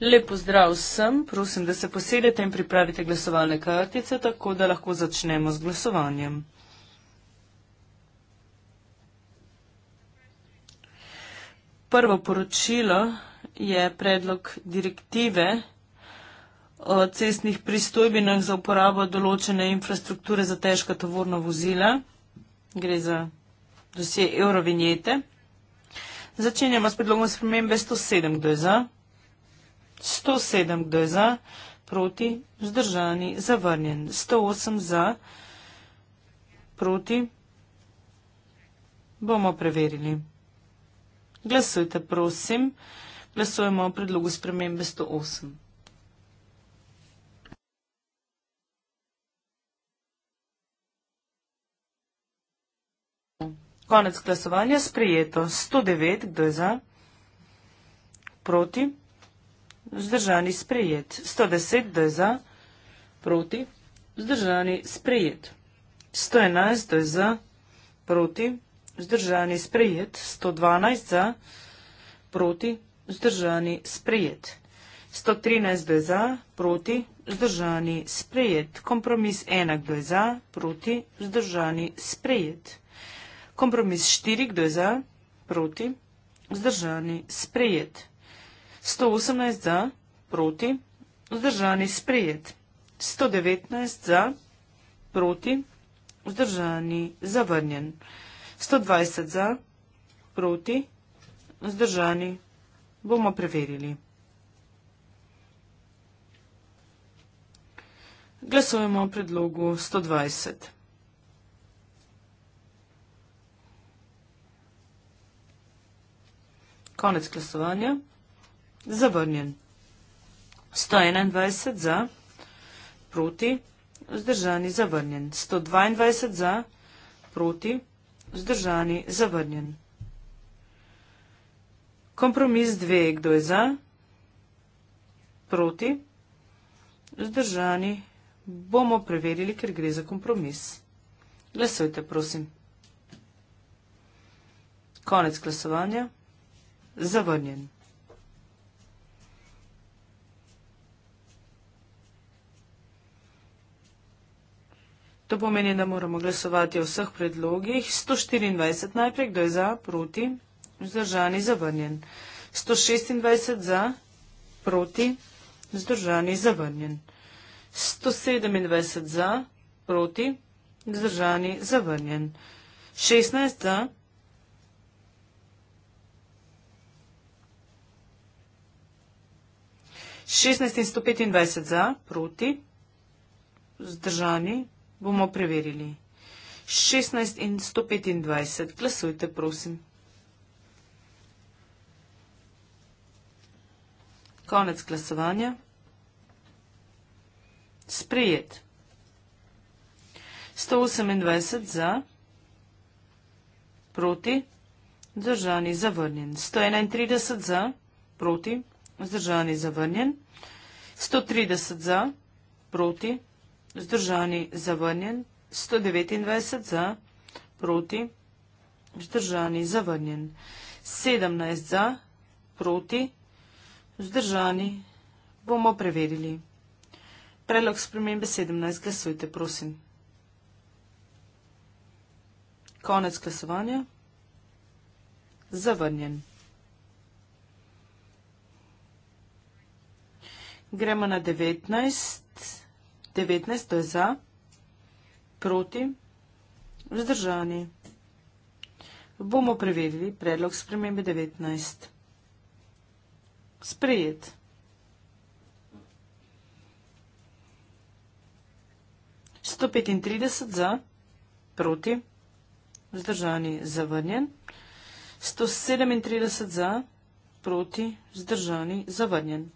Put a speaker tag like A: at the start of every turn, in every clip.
A: Lepo zdrav vsem, prosim, da se posedete in pripravite glasovalne kartice, tako da lahko začnemo z glasovanjem. Prvo poročilo je predlog direktive o cestnih pristojbinah za uporabo določene infrastrukture za težka tovorna vozila. Gre za dosje eurovinjete. Začenjamo s predlogom spremembe 107, kdo je za? 107, kdo je za? Proti, vzdržani, zavrnjen. 108 za, proti, bomo preverili. Glasujte, prosim. Glasujemo o predlogu spremembe 108. Konec glasovanja sprejeto. 109, kdo je za? Proti. Zdržani sprejet. 110, kdo je za? Proti. Zdržani sprejet. 111, kdo je za? Proti. Zdržani sprejet. 112, za? Proti. Zdržani sprejet. 113, kdo je za? Proti. Zdržani sprejet. Kompromis 1, kdo je za? Proti. Zdržani sprejet kompromis 4, kdo je za, proti, vzdržani, sprejet. 118 za, proti, vzdržani, sprejet. 119 za, proti, vzdržani, zavrnjen. 120 za, proti, vzdržani, bomo preverili. Glasujemo o predlogu 120. Konec glasovanja. Zavrnjen. 121 za, proti, vzdržani, zavrnjen. 122 za, proti, vzdržani, zavrnjen. Kompromis 2. Kdo je za? Proti. Vzdržani. Bomo preverili, ker gre za kompromis. Glasujte, prosim. Konec glasovanja zavrnjen. To pomeni, da moramo glasovati o vseh predlogih. 124 najprej, kdo je za, proti, vzdržani, zavrnjen. 126 za, proti, vzdržani, zavrnjen. 127 za, proti, vzdržani, zavrnjen. 16 za, 16 in 125 za, proti, zdržani, bomo preverili. 16 in 125, glasujte, prosim. Konec glasovanja. Sprejet. 128 za, proti, zdržani, zavrnjen. 131 za, proti, Vzdržani zavrnjen. 130 za, proti. Vzdržani zavrnjen. 129 za, proti. Vzdržani zavrnjen. 17 za, proti. Vzdržani bomo preverili. Predlog spremembe 17. Glasujte, prosim. Konec glasovanja. Zavrnjen. Gremo na 19. 19, to je za. Proti. Vzdržani. Bomo preverili predlog spremembe 19. Sprejet. Sto petintrideset za, proti, vzdržani, zavrnjen. Sto sedemintrideset za, proti, vzdržani, zavrnjen.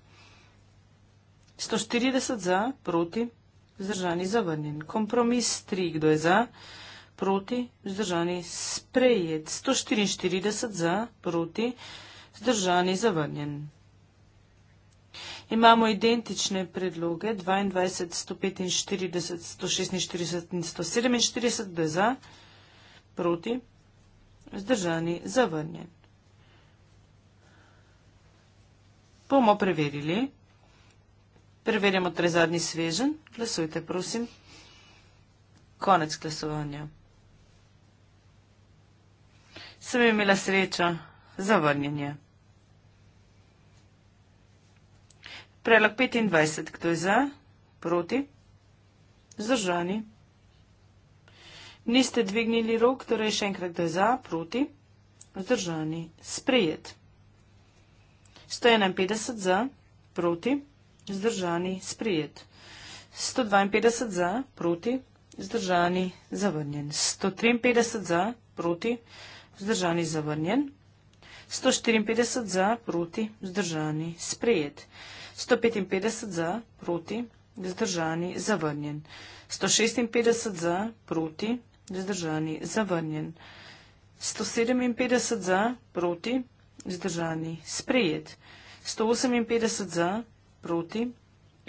A: 140 za, proti, vzdržani, zavrnjen. Kompromis 3, kdo je za, proti, vzdržani, sprejet. 144 za, proti, vzdržani, zavrnjen. Imamo identične predloge, 22, 145, 146 in 147, kdo je za, proti, vzdržani, zavrnjen. Bomo preverili. Preverjamo tre zadnji svežen. Glasujte, prosim. Konec glasovanja. Sem imela srečo. Zavrnjenje. Prelog 25. Kdo je za? Proti? Zdržani. Niste dvignili rok, torej še enkrat kdo je za? Proti? Zdržani. Sprejet. 151 za? Proti? Proti? vzdržani, sprijet. 152 za, proti, vzdržani, zavrnjen. 153 za, proti, vzdržani, zavrnjen. 154 za, proti, vzdržani, sprijet. 155 za, proti, vzdržani, zavrnjen. 156 za, proti, vzdržani, zavrnjen. 157 za, proti, vzdržani, sprijet. 158 za, proti,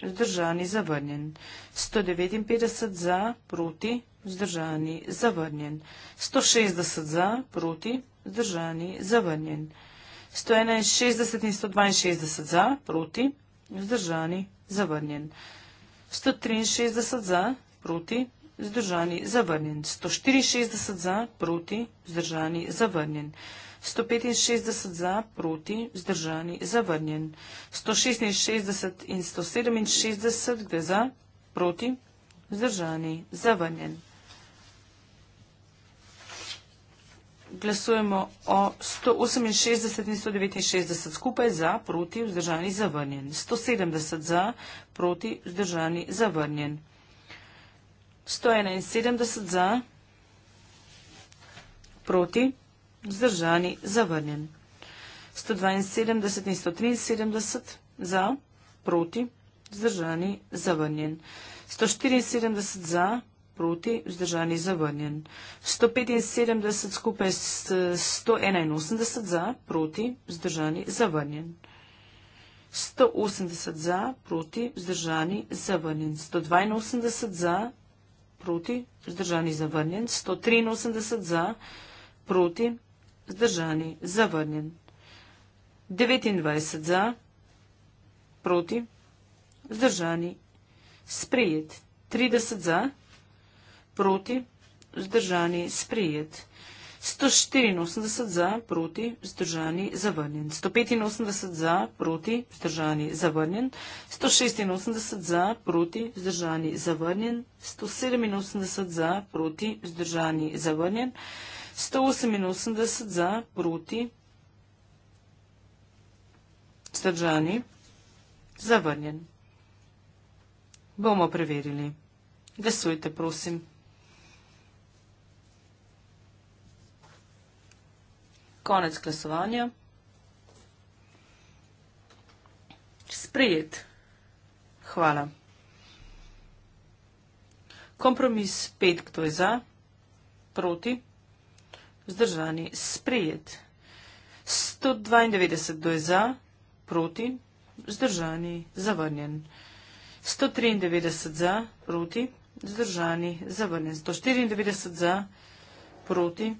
A: vzdržani, zavrnjen. 159 za, proti, vzdržani, zavrnjen. 160 za, proti, vzdržani, zavrnjen. 161 in 162 za, proti, vzdržani, zavrnjen. 163 za, proti, vzdržani, zavrnjen. 164 za, proti, vzdržani, zavrnjen. 165 za, proti, zdržani, zavrnjen. 166 in 167 gre za, proti, zdržani, zavrnjen. Glasujemo o 168 in 169 skupaj za, proti, vzdržani, zavrnjen. 170 za, proti, vzdržani, zavrnjen. 171 za, proti, vzdržani, zavrnjen. Vzdržani, zavrnjen. 172 in 173 za, proti, vzdržani, zavrnjen. 174 za, proti, vzdržani, zavrnjen. 175 skupaj s 181 za, proti, vzdržani, zavrnjen. 180 za, proti, vzdržani, zavrnjen. 182 za, proti, vzdržani, zavrnjen. 183 za, proti, vzdržani, zavrnjen. Zdržani. Zavrnjen. 29 za. Proti. Zdržani. Sprijet. 30 za. Proti. Zdržani. Sprijet. 184 za, proti, vzdržani, zavrnjen. 185 za, proti, vzdržani, zavrnjen. 186 za, proti, vzdržani, zavrnjen. 187 za, proti, vzdržani, zavrnjen. 188 za, proti, stržani, zavrnjen. Bomo preverili. Glasujte, prosim. Konec glasovanja. Sprejet. Hvala. Kompromis 5, kdo je za, proti. Proti vzdržani sprejet. 192 do je za, proti, vzdržani, zavrnjen. 193 za, proti, vzdržani, zavrnjen. 194 za, proti,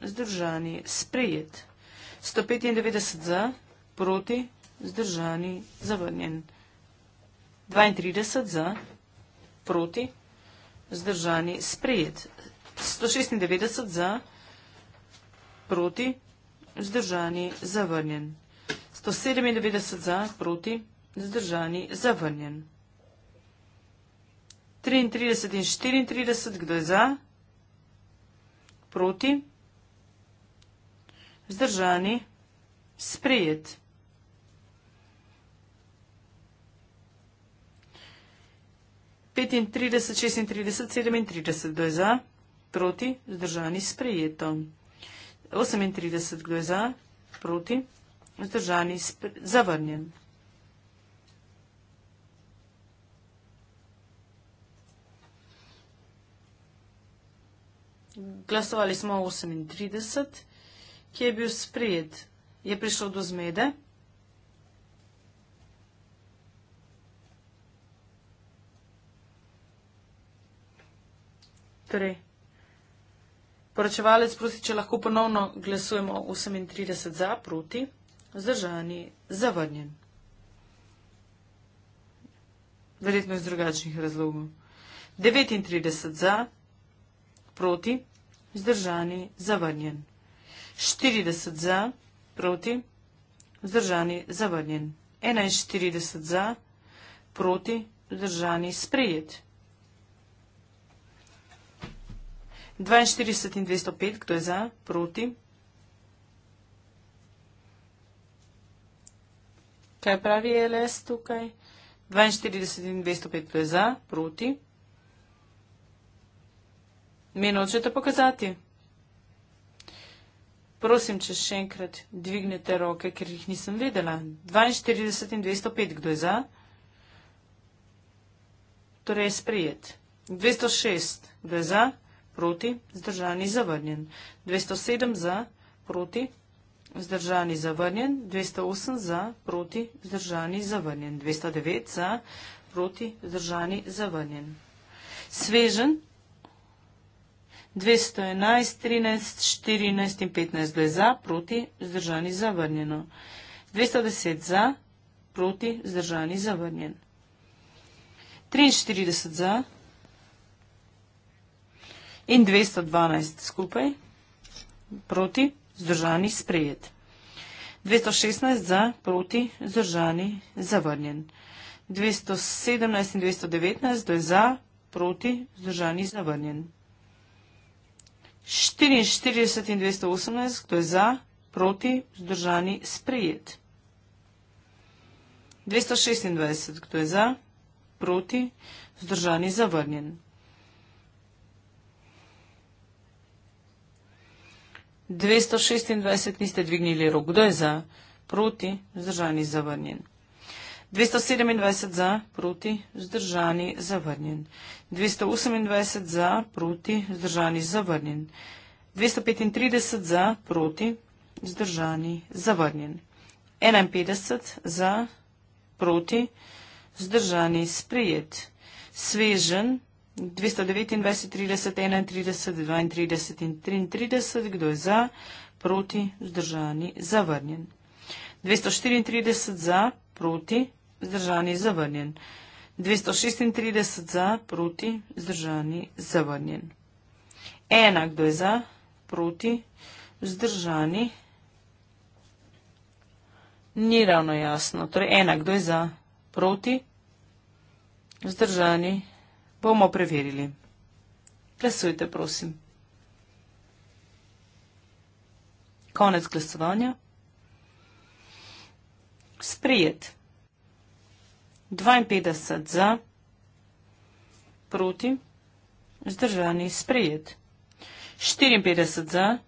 A: vzdržani, sprejet. 195 za, proti, vzdržani, zavrnjen. 32 za, proti, vzdržani, sprejet. 196 za, proti, vzdržani, zavrnjen proti, zdržani, zavrnjen. 197 za, proti, zdržani, zavrnjen. 33 in 34, kdo je za? Proti, zdržani, sprejet. 35, 36, 37, 30, kdo je za? Proti, zdržani, sprejeto. 38 kdo je za, proti, vzdržani, zavrnjen. Glasovali smo 38, ki je bil sprejet. Je prišel do zmede. Torej, Poročevalec prosi, če lahko ponovno glasujemo 38 za, proti, zdržani, zavrnjen. Verjetno iz drugačnih razlogov. 39 za, proti, zdržani, zavrnjen. 40 za, proti, zdržani, zavrnjen. 41 za, proti, zdržani, sprejet. 42 in 205, kdo je za, proti. Kaj pravi LS tukaj? 42 in 205, kdo je za, proti. Meno očete pokazati? Prosim, če še enkrat dvignete roke, ker jih nisem vedela. 42 in 205, kdo je za? Torej je sprijet. 206, kdo je za? proti, zdržani, zavrnjen. 207 za, proti, zdržani, zavrnjen. 208 za, proti, zdržani, zavrnjen. 209 za, proti, zdržani, zavrnjen. Svežen. 211, 13, 14 in 15 glede za, proti, zdržani, zavrnjeno. 210 za, proti, zdržani, zavrnjen. 43 za, proti, zdržani, zavrnjen in 212 skupaj proti, zdržani, sprejet. 216 za, proti, zdržani, zavrnjen. 217 in 219, to je za, proti, zdržani, zavrnjen. 44 in 218, to je za, proti, zdržani, sprejet. 226, kdo je za, proti, zdržani, zavrnjen. 226 niste dvignili rok. Kdo je za? Proti, vzdržani, zavrnjen. 227 za, proti, vzdržani, zavrnjen. 228 za, proti, vzdržani, zavrnjen. 235 za, proti, vzdržani, zavrnjen. 51 za, proti, vzdržani, sprijet. Svežen, 229, 30, 31, 32 in 33. Kdo je za? Proti, vzdržani, zavrnjen. 234 za, proti, vzdržani, zavrnjen. 236 za, proti, vzdržani, zavrnjen. Ena, kdo je za? Proti, vzdržani. Ni ravno jasno. Torej, ena, kdo je za? Proti, vzdržani, zavrnjen. Bomo preverili. Glasujte, prosim. Konec glasovanja. Sprijet. 52 za, proti, zdržani, sprijet. 54 za,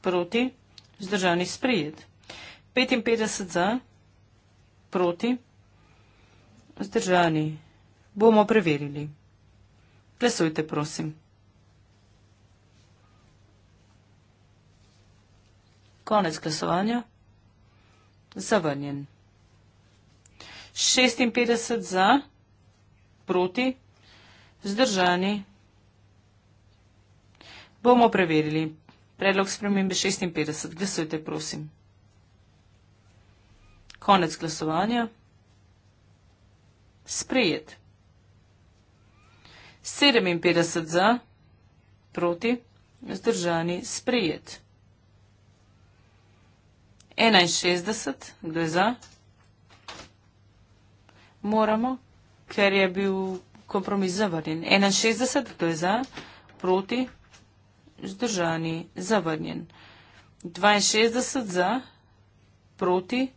A: proti, zdržani, sprijet. 55 za, proti, zdržani, sprijet. Bomo preverili. Glasujte, prosim. Konec glasovanja. Zavrnjen. 56 za, proti, zdržani. Bomo preverili. Predlog spremembe 56. Glasujte, prosim. Konec glasovanja. Sprejet. 57 za, proti, zdržani, sprejet. 61, kdo je za? Moramo, ker je bil kompromis zavrnjen. 61, kdo je za? Proti, zdržani, zavrnjen. 62 za, proti,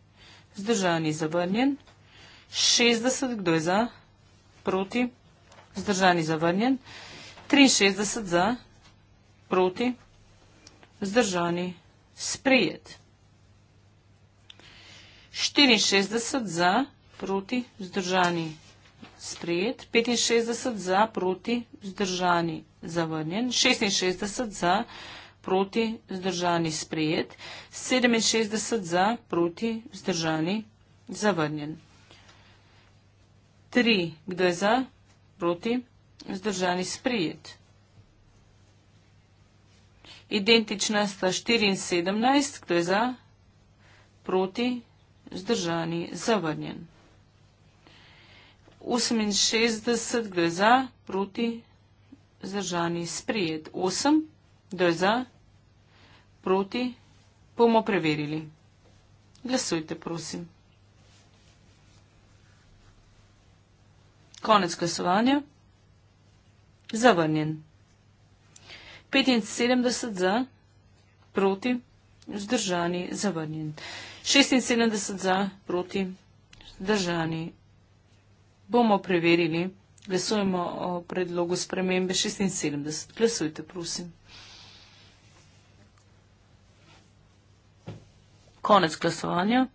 A: zdržani, zavrnjen. 60, kdo je za? Proti, zdržani, zavrnjen vzdržani zavrnjen, 63 za, proti, vzdržani sprejet, 64 za, proti, vzdržani sprejet, 65 za, proti, vzdržani zavrnjen, 66 za, proti, vzdržani sprejet, 67 za, proti, vzdržani zavrnjen. 3, kdo je za? proti, vzdržani sprijet. Identična sta 4 in 17, kdo je za, proti, vzdržani, zavrnjen. 68, kdo je za, proti, vzdržani, sprijet. 8, kdo je za, proti, bomo preverili. Glasujte, prosim. Konec glasovanja. Zavrnjen. 75 za, proti, zdržani, zavrnjen. 76 za, proti, zdržani. Bomo preverili. Glasujemo o predlogu spremembe 76. Glasujte, prosim. Konec glasovanja.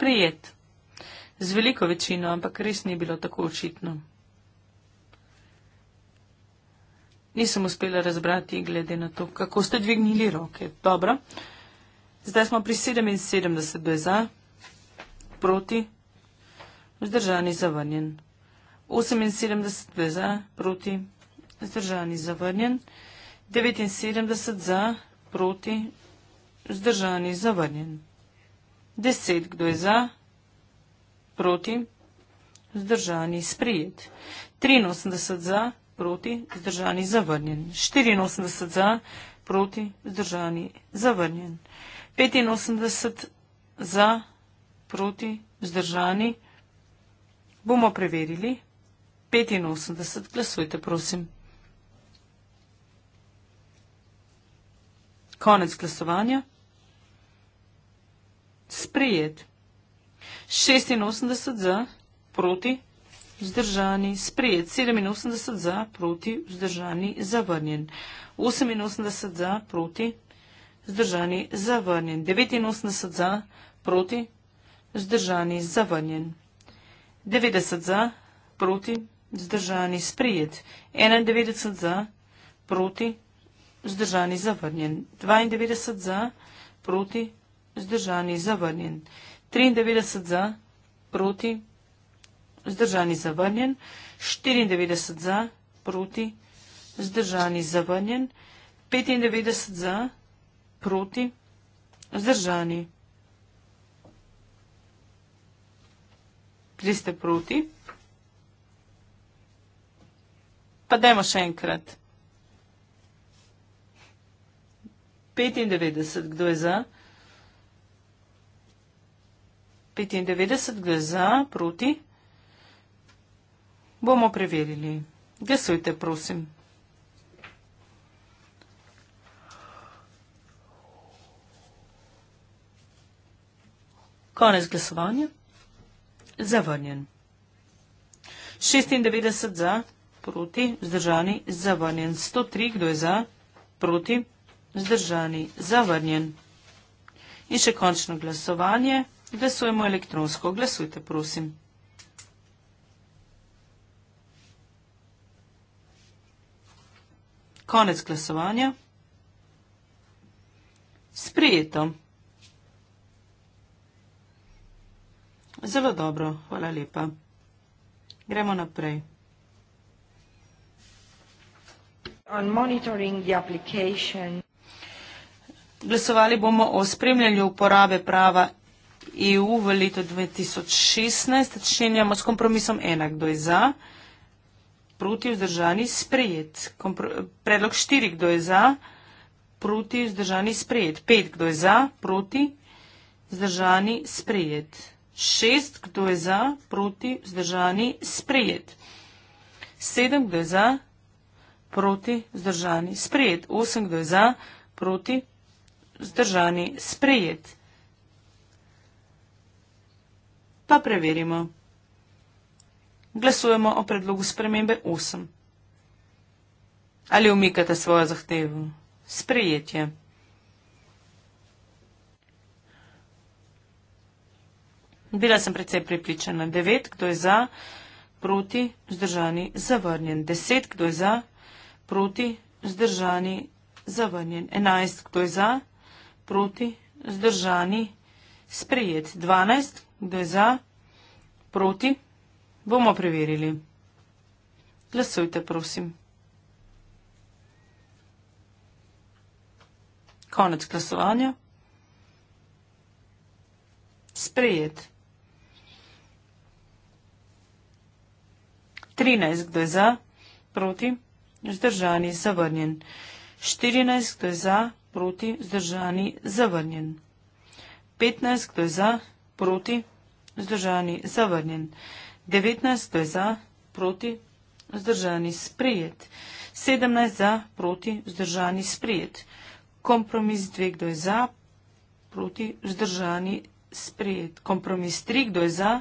A: sprijet. Z veliko večino, ampak res ni bilo tako očitno. Nisem uspela razbrati, glede na to, kako ste dvignili roke. Dobro. Zdaj smo pri 77, kdo je za, proti, vzdržani, zavrnjen. 78, kdo je za, proti, vzdržani, zavrnjen. 79, za, proti, vzdržani, zavrnjen. 10, kdo je za, proti, zdržani, sprijet. 83 za, proti, zdržani, zavrnjen. 84 za, proti, zdržani, zavrnjen. 85 za, proti, zdržani, bomo preverili. 85, glasujte, prosim. Konec glasovanja sprejet. 86 za, proti, vzdržani, sprejet. 87 za, proti, vzdržani, zavrnjen. 88 za, proti, vzdržani, zavrnjen. 89 za, proti, vzdržani, zavrnjen. 90 za, proti, vzdržani, sprejet. 91 za, proti, vzdržani, zavrnjen. 92 za, proti, vzdržani, zavrnjen vzdržani, zavrnjen. 93 za, proti, vzdržani, zavrnjen. 94 za, proti, vzdržani, zavrnjen. 95 za, proti, vzdržani. Kdje ste proti? Pa dajmo še enkrat. 95, kdo je za? 95 gre za, proti. Bomo preverili. Glasujte, prosim. Konec glasovanja. Zavrnjen. 96 za, proti, zdržani, zavrnjen. 103, kdo je za, proti, zdržani, zavrnjen. In še končno glasovanje. Glasujemo elektronsko. Glasujte, prosim. Konec glasovanja. Sprijeto. Zelo dobro, hvala lepa. Gremo naprej. On monitoring the application. Glasovali bomo o spremljanju uporabe prava EU v letu 2016. Začenjamo s kompromisom ena. Kdo je za? Proti vzdržani sprejet. Kompro predlog štiri. Kdo je za? Proti vzdržani sprejet. Pet. Kdo je za? Proti vzdržani sprejet. Šest. Kdo je za? Proti vzdržani sprejet. Sedem. Kdo je za? Proti vzdržani sprejet. Osem. Kdo je za? Proti vzdržani sprejet. pa preverimo. Glasujemo o predlogu spremembe 8. Ali umikate svojo zahtevo? Sprejetje. Bila sem precej pripličena. 9, kdo je za, proti, zdržani, zavrnjen. 10, kdo je za, proti, zdržani, zavrnjen. 11, kdo je za, proti, zdržani, zavrnjen sprejet. 12, kdo je za, proti, bomo preverili. Glasujte, prosim. Konec glasovanja. Sprejet. 13, kdo je za, proti, zdržani, zavrnjen. 14, kdo je za, proti, zdržani, zavrnjen. 15, kdo je za, proti, vzdržani, zavrnjen. 19, kdo je za, proti, vzdržani, sprijet. 17, za, proti, vzdržani, sprijet. Kompromis 2, kdo je za, proti, vzdržani, sprijet. Kompromis 3, kdo je za,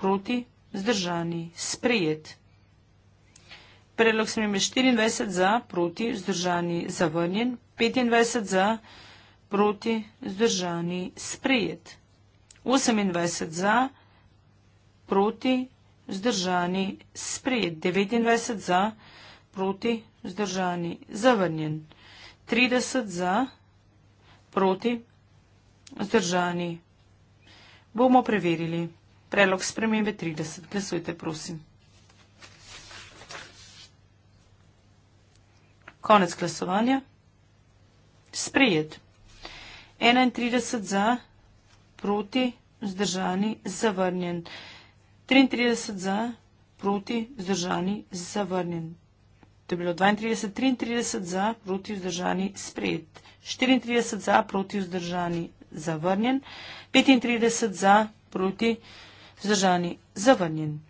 A: proti, vzdržani, sprijet. Predlog smo imeli 24 za, proti, vzdržani, zavrnjen, 25 za, proti, vzdržani, sprijet proti, zdržani, sprejet. 28 za, proti, zdržani, sprejet. 29 za, proti, zdržani, zavrnjen. 30 za, proti, zdržani. Bomo preverili. Prelog spremembe 30. Glasujte, prosim. Konec glasovanja. Sprejet. 31 za, proti, vzdržani, zavrnjen. 33 za, proti, vzdržani, zavrnjen. To je bilo 32, 33 za, proti, vzdržani, spred. 34 za, proti, vzdržani, zavrnjen. 35 za, proti, vzdržani, zavrnjen.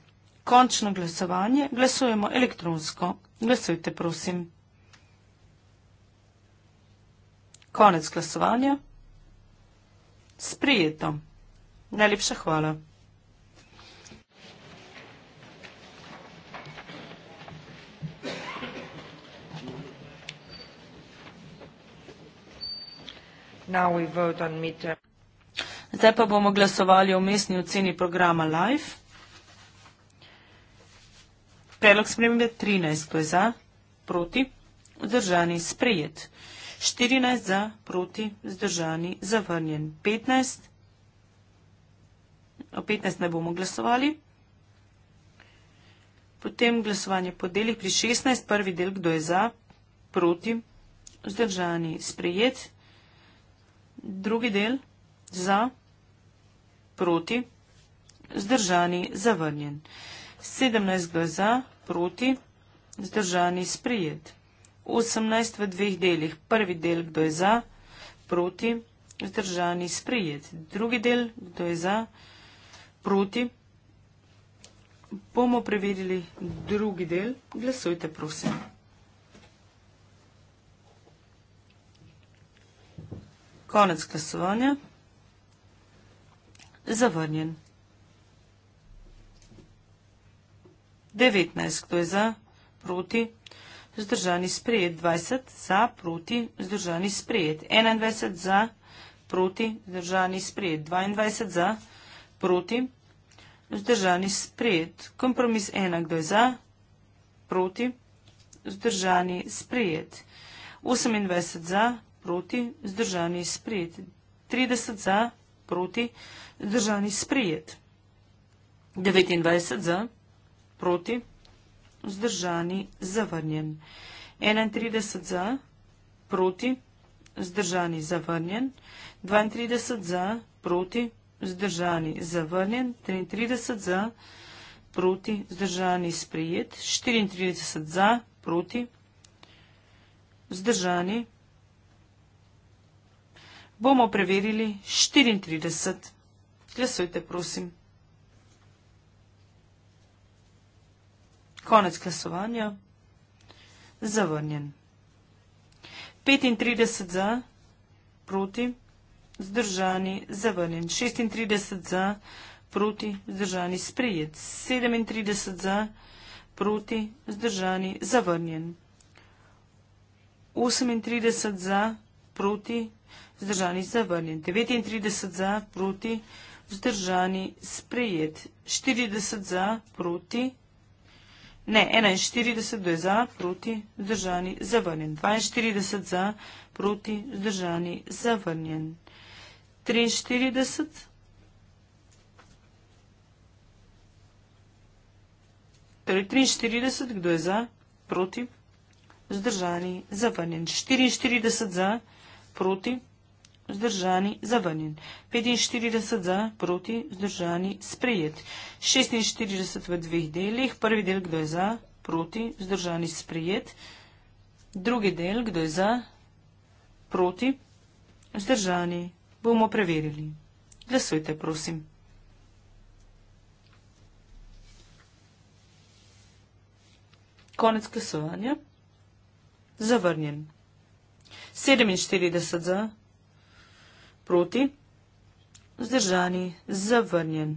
A: Končno glasovanje. Glasujemo elektronsko. Glasujte, prosim. Konec glasovanja sprijeto. Najlepša hvala. Zdaj pa bomo glasovali o mestni oceni programa LIFE. Predlog spremembe 13, ko je za, proti, vzdržani, sprejet. 14 za, proti, zdržani, zavrnjen. 15. O 15 ne bomo glasovali. Potem glasovanje po delih pri 16, prvi del, kdo je za, proti, zdržani, sprejet. Drugi del, za, proti, zdržani, zavrnjen. 17 glasov za, proti, zdržani, sprejet. 18 v dveh delih. Prvi del, kdo je za, proti, zdržani, sprijet. Drugi del, kdo je za, proti. Bomo preverili drugi del. Glasujte, prosim. Konec glasovanja. Zavrnjen. 19. Kdo je za? Proti? vzdržani sprejet, 20 za, proti, vzdržani sprejet, 21 za, proti, vzdržani sprejet, 22 za, proti, vzdržani sprejet, kompromis 1, kdo je za, proti, vzdržani sprejet, 28 za, proti, vzdržani sprejet, 30 za, proti, vzdržani sprejet, 29 za, proti, vzdržani sprejet, vzdržani, zavrnjen. 31 za, proti, vzdržani, zavrnjen. 32 za, proti, vzdržani, zavrnjen. 33 za, proti, vzdržani, sprejet. 34 za, proti, vzdržani. Bomo preverili 34. Glasujte, prosim. Konec glasovanja. Zavrnjen. 35 za, proti, zdržani, zavrnjen. 36 za, proti, zdržani, sprejet. 37 za, proti, zdržani, zavrnjen. 38 za, proti, zdržani, zavrnjen. 39 za, proti, zdržani, sprejet. 40 za, proti, zdržani. Ne, 41 je za, proti, zdržani, zavrnjen. 42 za, proti, zdržani, zavrnjen. 43. 43, kdo je za, proti, zdržani, zavrnjen. 44 za, proti, zdržani vzdržani, zavrnjen. 45 za, proti, vzdržani, sprejet. 46 v dveh delih, prvi del, kdo je za, proti, vzdržani, sprejet. Drugi del, kdo je za, proti, vzdržani, bomo preverili. Glasujte, prosim. Konec glasovanja. Zavrnjen. 47 za, proti, vzdržani, zavrnjen.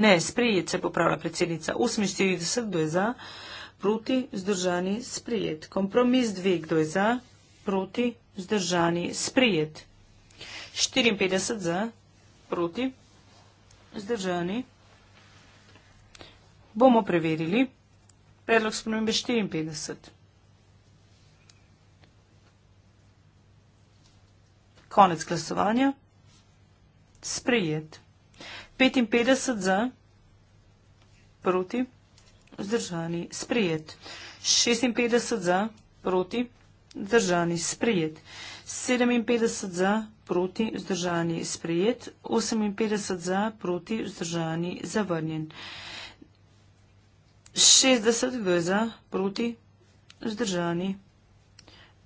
A: Ne, sprejet se popravlja predsednica. 48, kdo je za, proti, vzdržani, sprejet. Kompromis 2, kdo je za, proti, vzdržani, sprejet. 54 za, proti, vzdržani. Bomo preverili. Predlog spremembe 54. Konec glasovanja. Sprejet. 55 za, proti, vzdržani, sprejet. 56 za, proti, vzdržani, sprejet. 57 za, proti, vzdržani, sprejet. 58 za, proti, vzdržani, zavrnjen. 60 za, proti, vzdržani, sprejet.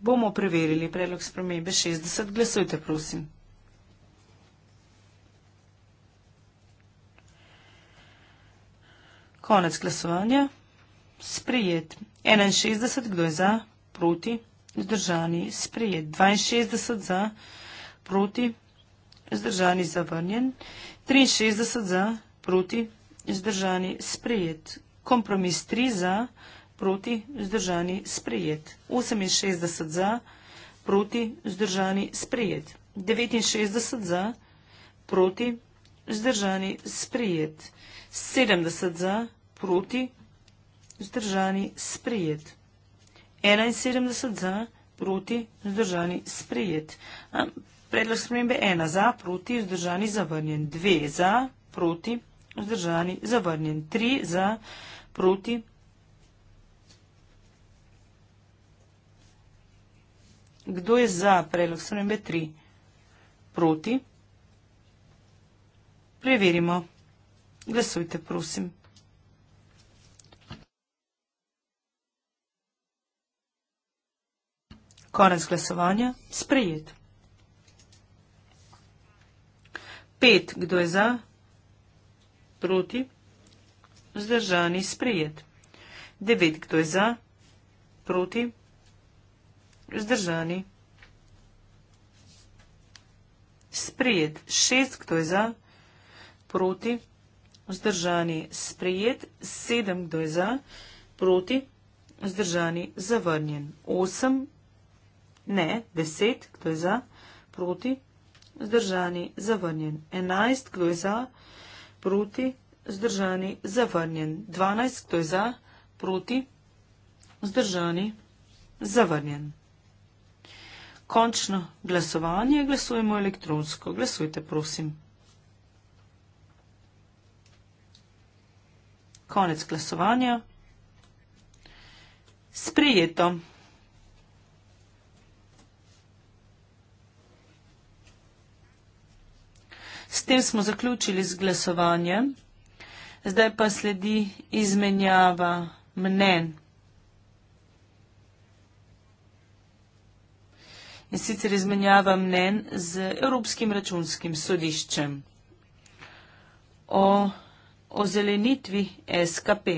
A: Bomo preverili predlog spremembe 60. Glasujte, prosim. Konec glasovanja. Sprejet. 61. Kdo je za? Proti. Zdržani. Sprejet. 62. Za. Proti. Zdržani. Zavrnjen. 63. Za. Proti. Zdržani. Sprejet. Kompromis 3. Za. Proti proti, vzdržani, sprejet. 68 za, proti, vzdržani, sprejet. 69 za, proti, vzdržani, sprejet. 70 za, proti, vzdržani, sprejet. 71 za, proti, vzdržani, sprejet. Predlog spremembe 1 za, proti, vzdržani, zavrnjen. 2 za, proti, vzdržani, zavrnjen. 3 za, proti, vzdržani, zavrnjen. Kdo je za predlog spremembe 3? Proti? Preverimo. Glasujte, prosim. Konec glasovanja. Sprejet. Pet. Kdo je za? Proti? Zdržani. Sprejet. Devet. Kdo je za? Proti? Proti? Vzdržani. Sprejet. Šest, kdo je za? Proti. Vzdržani. Sprejet. Sedem, kdo je za? Proti. Vzdržani. Zavrnjen. Osem. Ne. Deset, kdo je za? Proti. Vzdržani. Zavrnjen. Enajst, kdo je za? Proti. Vzdržani. Zavrnjen. Dvanajst, kdo je za? Proti. Vzdržani. Zavrnjen končno glasovanje, glasujemo elektronsko. Glasujte, prosim. Konec glasovanja. Sprijeto. S tem smo zaključili z glasovanjem. Zdaj pa sledi izmenjava mnen in sicer izmenjava mnen z Evropskim računskim sodiščem o ozelenitvi SKP.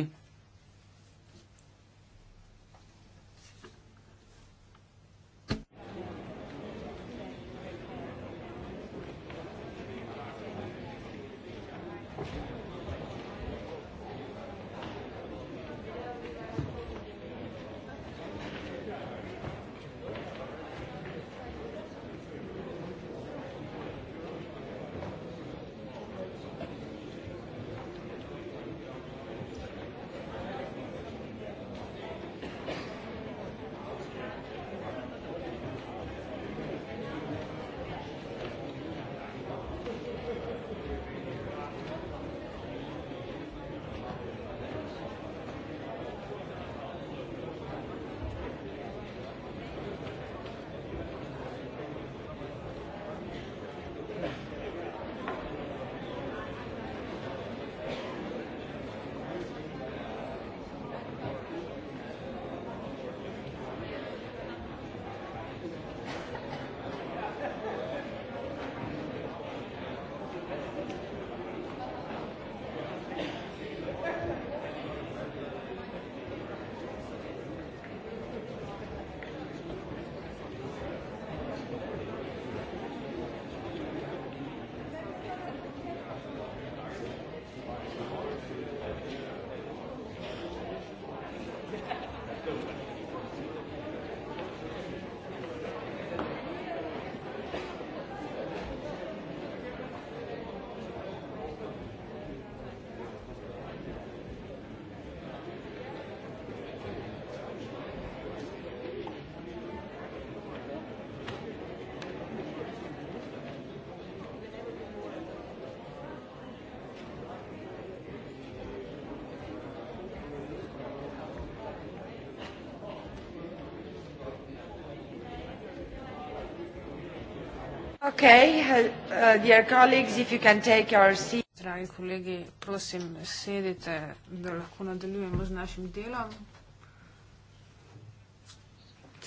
B: Okay, uh, dear colleagues, if you can take your seat. Dragi kolegi, prosim, sedite, da lahko nadaljujemo z našim delom.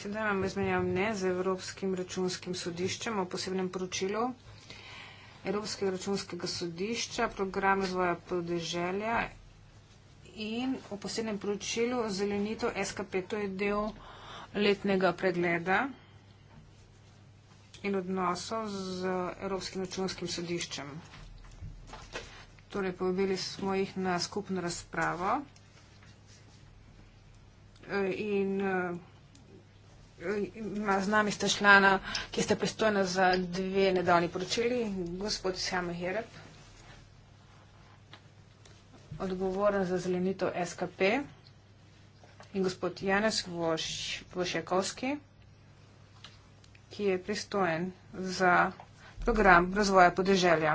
B: Sedaj vam izmenjam ne z Evropskim računskim sodiščem o posebnem poročilu Evropskega računskega sodišča, program razvoja podeželja in o posebnem poročilu zelenito SKP. To je del letnega pregleda in odnosov z Evropskim računskim sodiščem. Torej, povabili smo jih na skupno razpravo in eh, z nami sta člana, ki sta pristojna za dve nedavni poročili, gospod Sjama Hereb, odgovoren za zelenitev SKP in gospod Janez Vošjakovski. Voš ki je pristojen za program razvoja podeželja.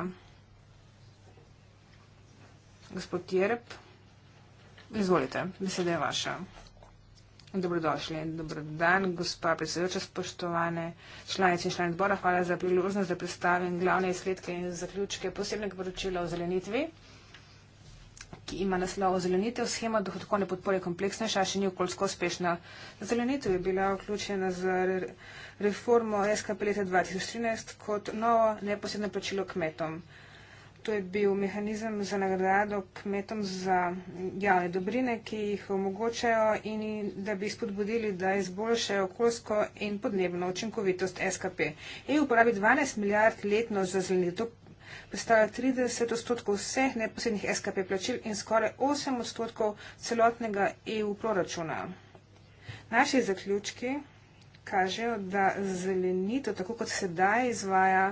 B: Gospod Jereb, izvolite, beseda je vaša. Dobrodošli in dobrodan, gospa predsedujoča, spoštovane članice in člani odbora. Hvala za priložnost, da predstavim glavne izsledke in zaključke posebnega poročila o zelenitvi ki ima naslov Zelenitev schema dohodkovne podpore kompleksnejša, še ni okoljsko uspešna. Zelenitev je bila vključena z reformo SKP leta 2013 kot novo neposredno plačilo kmetom. To je bil mehanizem za nagrado kmetom za javne dobrine, ki jih omogočajo in da bi spodbudili, da izboljšajo okoljsko in podnebno učinkovitost SKP. EU porabi 12 milijard letno za zelenitev predstavlja 30 odstotkov vseh neposrednih SKP plačil in skoraj 8 odstotkov celotnega EU proračuna. Naši zaključki kažejo, da zelenito, tako kot se daj izvaja,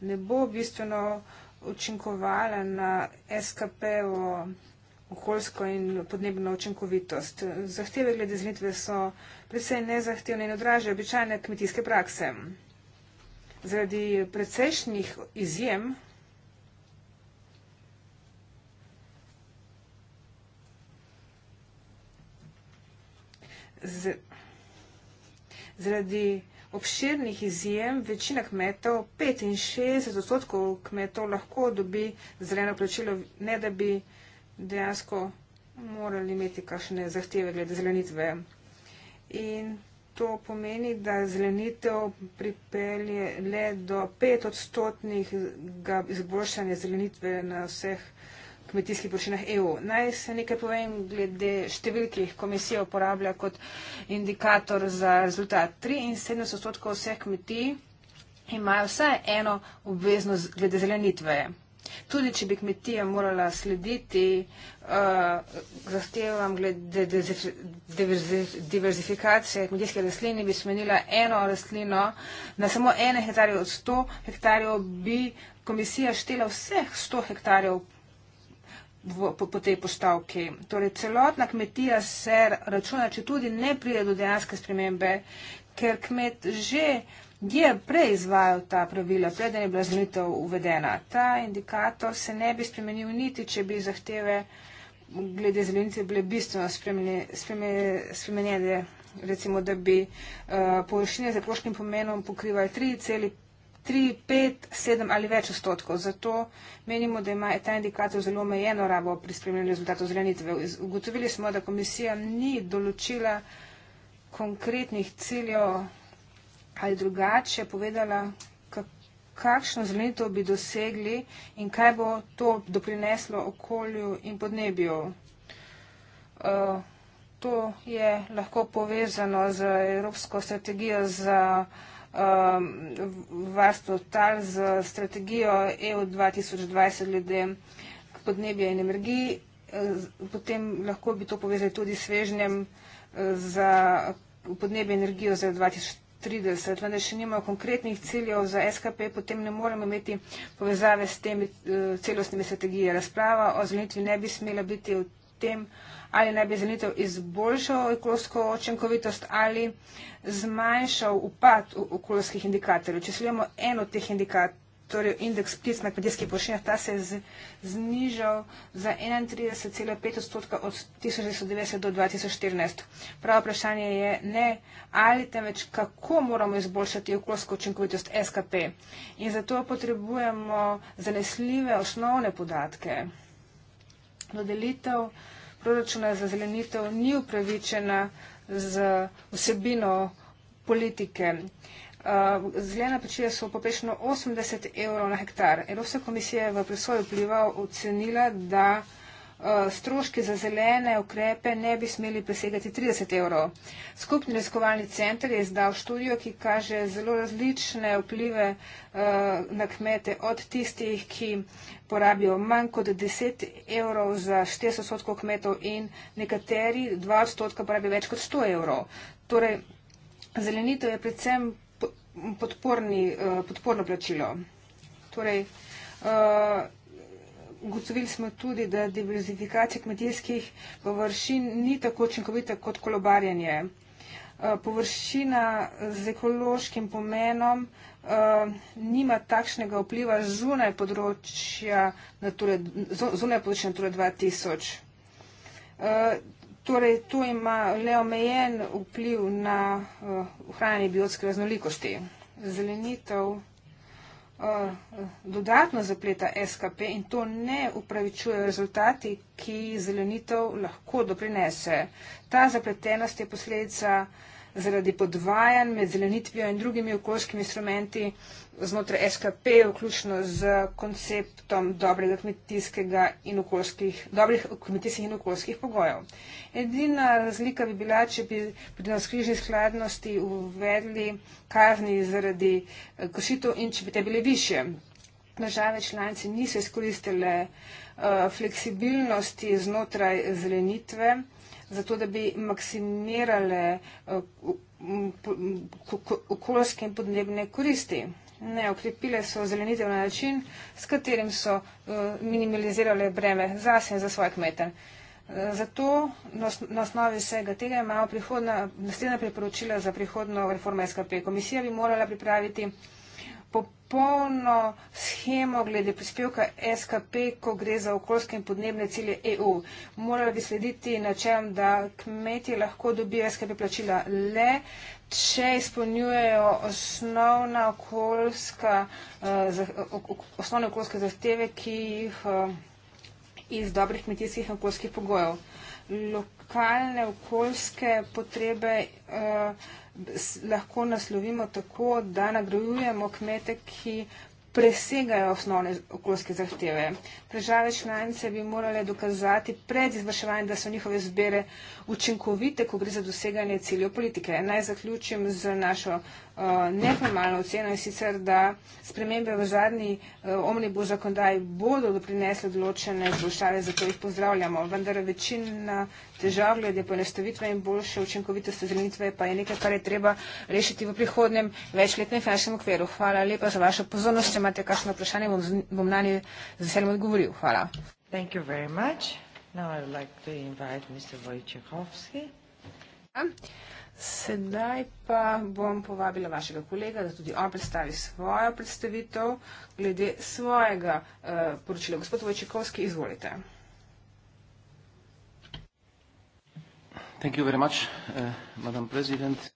B: ne bo bistveno učinkovala na SKP-o okoljsko in podnebno učinkovitost. Zahteve glede zelenitve so predvsej nezahtevne in odražajo običajne kmetijske prakse. Zaradi precejšnjih izjem Z, zaradi obširnih izjem večina kmetov, 65 odstotkov kmetov, lahko dobi zeleno plačilo, ne da bi dejansko morali imeti kakšne zahteve glede zelenitve. In to pomeni, da zelenitev pripelje le do 5 odstotnih izboljšanja zelenitve na vseh uh, kmetijskih površinah EU. Naj se nekaj povem glede števil, ki jih komisija uporablja kot indikator za rezultat. 73 odstotkov vseh kmetij imajo vsaj eno obveznost glede zelenitve. Tudi, če bi kmetija morala slediti uh, zahtevam glede diverzifikacije kmetijske rastline, bi spremenila eno rastlino na samo ene hektarje od 100 hektarjev, bi komisija štela vseh 100 hektarjev v, po, po tej postavki. Torej, celotna kmetija se računa, če tudi ne pride do dejanske spremembe, ker kmet že je prej izvajal ta pravila, preden je bila zmitev uvedena. Ta indikator se ne bi spremenil niti, če bi zahteve glede zelenice bile bistveno spremenjene, recimo, da bi uh, površine z ekološkim pomenom pokrivali 3,5 3, 5, 7 ali več odstotkov. Zato menimo, da ima ta indikator zelo omejeno rabo pri spremljanju rezultatov zrenitve. Ugotovili smo, da komisija ni določila konkretnih ciljev ali drugače povedala, kakšno zrenitev bi dosegli in kaj bo to doprineslo okolju in podnebju. Uh, to je lahko povezano z Evropsko strategijo za uh, Um, vas total z strategijo EU 2020 glede podnebja in energiji. Eh, potem lahko bi to povezali tudi s svežnjem eh, za podnebje in energijo za 2030. Vendar še nimajo konkretnih ciljev za SKP, potem ne moremo imeti povezave s temi eh, celostnimi strategijami. Razprava o zelenitvi ne bi smela biti v tem, ali naj bi zelenitev izboljšal ekološko očinkovitost ali zmanjšal upad okoljskih indikatorjev. Če sledimo eno od teh indikatorjev, Torej, indeks ptic na kmetijskih površinah ta se je znižal za 31,5 odstotka od 1990 do 2014. Pravo vprašanje je ne ali, temveč kako moramo izboljšati okoljsko učinkovitost SKP. In zato potrebujemo zanesljive osnovne podatke dodelitev proračuna za zelenitev ni upravičena z vsebino politike. Uh, zelena pečija so poprečno 80 evrov na hektar. Evropska komisija je v presoju vplival ocenila, da Eh, stroški za zelene ukrepe ne bi smeli presegati 30 evrov. Skupni reskovalni center je izdal študijo, ki kaže zelo različne vplive eh, na kmete od tistih, ki porabijo manj kot 10 evrov za 40 odstotkov kmetov in nekateri 2 odstotka porabijo več kot 100 evrov. Torej, zelenito je predvsem podporni, eh, podporno plačilo. Torej, ugotovili smo tudi, da diverzifikacija kmetijskih površin ni tako učinkovita kot kolobarjanje. Eh, površina z ekološkim pomenom eh, nima takšnega vpliva zunaj področja Natura, zunaj področja Natura 2000. Eh, torej, to ima le omejen vpliv na ohranjanje biotske raznolikosti. Zelenitev Eh, dodatno zapleta SKP in to ne upravičuje rezultati, ki zelenitev lahko doprinese. Ta zapletenost je posledica uh, zaradi podvajanj med zelenitvijo in drugimi okoljskimi instrumenti znotraj SKP, vključno z konceptom dobrega kmetijskega in okoljskih, dobrih kmetijskih in okoljskih pogojev. Edina razlika bi bila, če bi pri nas križni skladnosti uvedli kazni zaradi eh, kršitev in če bi te bile više. Države članice niso izkoristile uh, fleksibilnosti znotraj zelenitve zato da bi maksimirale eh, okoljske in podnebne koristi. Ne, okrepile so zelenitev na način, s katerim so eh, minimalizirale breme zase in za svoje kmete. Eh, zato na osnovi vsega tega imamo naslednja priporočila za prihodno reformo SKP. Komisija bi morala pripraviti polno schemo glede prispevka SKP, ko gre za okoljske in podnebne cilje EU. Morali bi slediti načelom, da kmetje lahko dobijo SKP plačila le, če izpolnjujejo osnovna okoljska, eh, osnovne okoljske zahteve, ki jih eh, iz dobrih kmetijskih in okoljskih pogojev. Lokalne okoljske potrebe. Eh, lahko naslovimo tako, da nagrajujemo kmete, ki presegajo osnovne okoljske zahteve. Države članice bi morale dokazati pred izvrševanjem, da so njihove zbere učinkovite, ko gre za doseganje ciljev politike. Naj zaključim z našo uh, neformalno oceno in sicer, da spremembe v zadnji uh, omnibu zakondaj bodo doprinesle določene izboljšave, zato jih pozdravljamo. Vendar večina težav glede poenostavitve in boljše učinkovitosti zelenitve pa je nekaj, kar je treba rešiti v prihodnem večletnem finančnem okviru. Hvala lepa za vašo pozornost. Če imate kakšno vprašanje, bom, bom na nje z veseljem odgovoril. Hvala. Thank you very much. Now I would like to invite Mr. Wojciechowski. Ja. Sedaj pa bom povabila vašega kolega, da tudi on predstavi svojo predstavitev glede svojega uh, poročila. Gospod Vojčikovski, izvolite. Uh,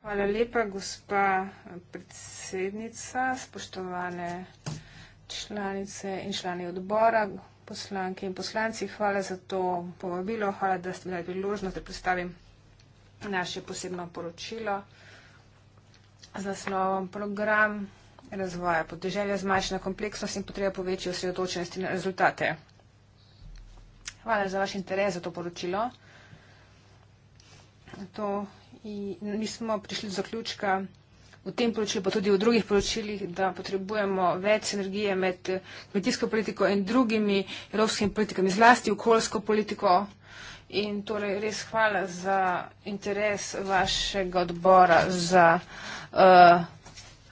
B: hvala lepa, gospa predsednica, spoštovane članice in člani odbora, poslanke in poslanci. Hvala za to povabilo, hvala, da ste mi dali priložnost, da predstavim naše posebno poročilo z naslovom Program razvoja podeželja zmanjšana kompleksnost in potreba po večji osredotočenosti na rezultate. Hvala za vaš interes za to poročilo to in mi smo prišli do zaključka v tem poročilu, pa tudi v drugih poročilih, da potrebujemo več energije med kmetijsko politiko in drugimi evropskimi politikami, zlasti okoljsko politiko. In torej res hvala za interes vašega odbora za uh,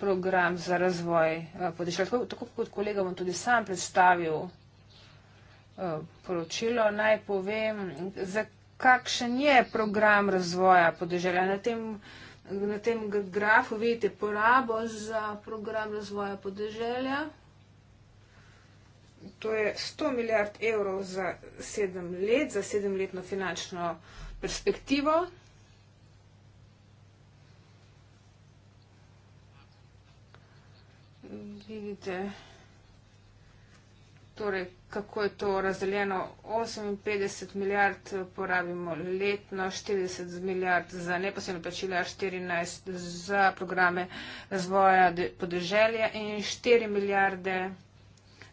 B: program za razvoj uh, podeželja. Tako, tako kot kolega bom tudi sam predstavil uh, poročilo, naj povem, za kakšen je program razvoja podeželja. Na tem, na tem grafu vidite porabo za program razvoja podeželja. To je 100 milijard evrov za 7 let, za 7-letno finančno perspektivo. Vidite, torej kako je to razdeljeno. 58 milijard porabimo letno, 40 milijard za neposredno plačila, 14 za programe razvoja podeželja in 4 milijarde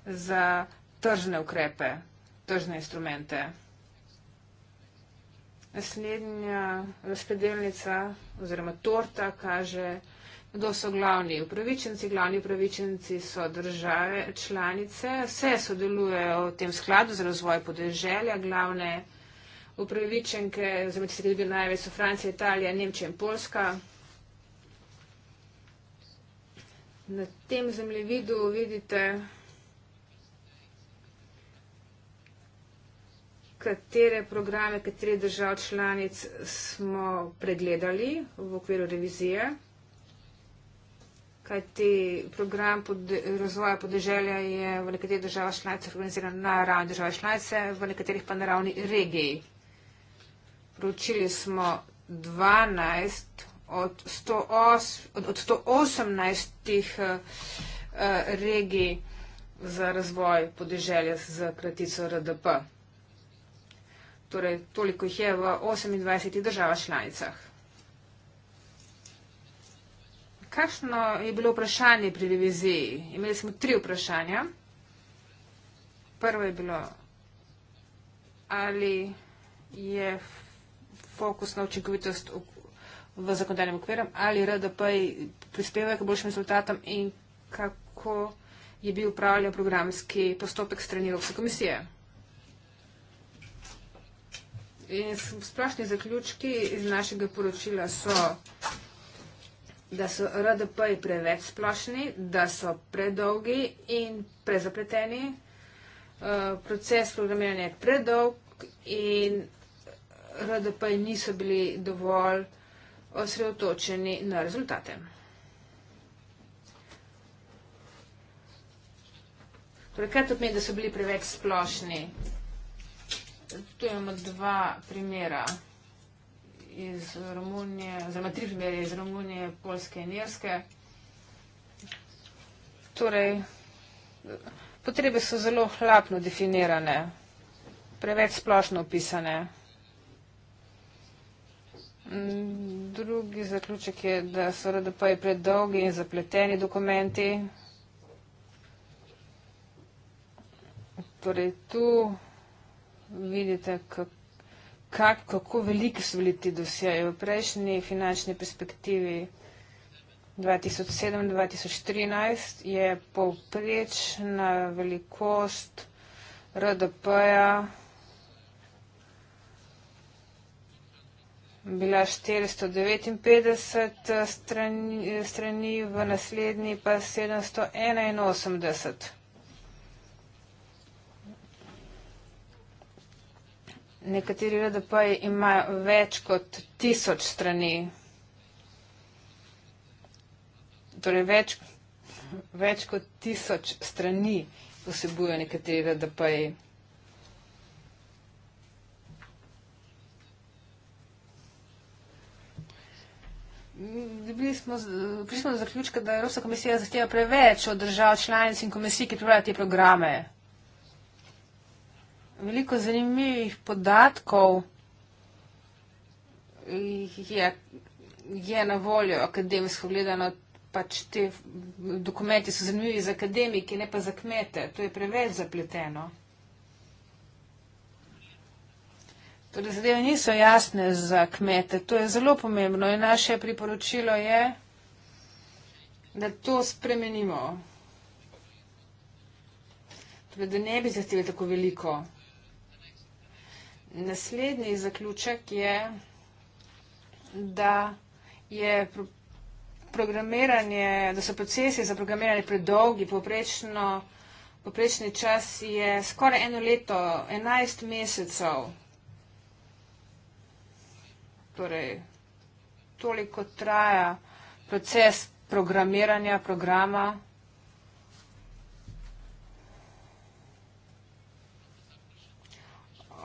B: za tržne ukrepe, tržne instrumente. Naslednja razpredelnica oziroma torta kaže, Kdo so glavni upravičenci? Glavni upravičenci so države članice, vse sodelujejo v tem skladu za razvoj podeželja, glavne upravičenke, oziroma tiste, ki dobijo največ, so Francija, Italija, Nemčija in Poljska. Na tem zemljevidu vidite, katere programe, katere držav članic smo pregledali v okviru revizije kaj ti program pod, razvoja podeželja je v nekaterih državah članice organiziran na ravni države članice, v nekaterih pa na ravni regiji. Pročili smo 12 od, 108, od 118 tih uh, uh, regij za razvoj podeželja z kratico RDP. Torej, toliko jih je v 28 državah članicah. kakšno je bilo vprašanje pri reviziji? Imeli smo tri vprašanja. Prvo je bilo, ali je fokus na učinkovitost v zakonodajnem okviru, ali RDP prispeva k boljšim rezultatom in kako je bil upravljen programski postopek strani Evropske komisije. In splošni zaključki iz našega poročila so da so RDP-ji preveč splošni, da so predolgi in prezapleteni. Eh, proces programiranja je predolg in RDP-ji niso bili dovolj osredotočeni na rezultate. Torej, kaj to pomeni, da so bili preveč splošni? Tu imamo dva primera iz Romunije, oziroma tri primere iz Romunije, Polske in Irske. Torej, potrebe so zelo hlapno definirane, preveč splošno opisane. Drugi zaključek je, da so RDP predolgi in zapleteni dokumenti. Torej, tu vidite, kako kak, kako veliki so bili ti dosjeji v prejšnji finančni perspektivi 2007-2013 je povprečna velikost RDP-ja bila 459 strani, strani, v naslednji pa 781. nekateri RDP-ji imajo več kot tisoč strani. Torej, več, več kot tisoč strani posebujejo nekateri RDP-ji. Prišli smo do zaključka, da Evropska komisija zahteva preveč od držav članic in komisij, ki pripravljajo te programe veliko zanimivih podatkov je, je na voljo akademsko gledano. Pač te dokumenti so zanimivi za akademike, ne pa za kmete. To je preveč zapleteno. Torej, zadeve niso jasne za kmete. To je zelo pomembno in naše priporočilo je, da to spremenimo. Torej, da ne bi zahtevali tako veliko. Naslednji zaključek je, da je programiranje, da so procesi za programiranje predolgi, poprečni čas je skoraj eno leto, 11 mesecev. Torej, toliko traja proces programiranja programa.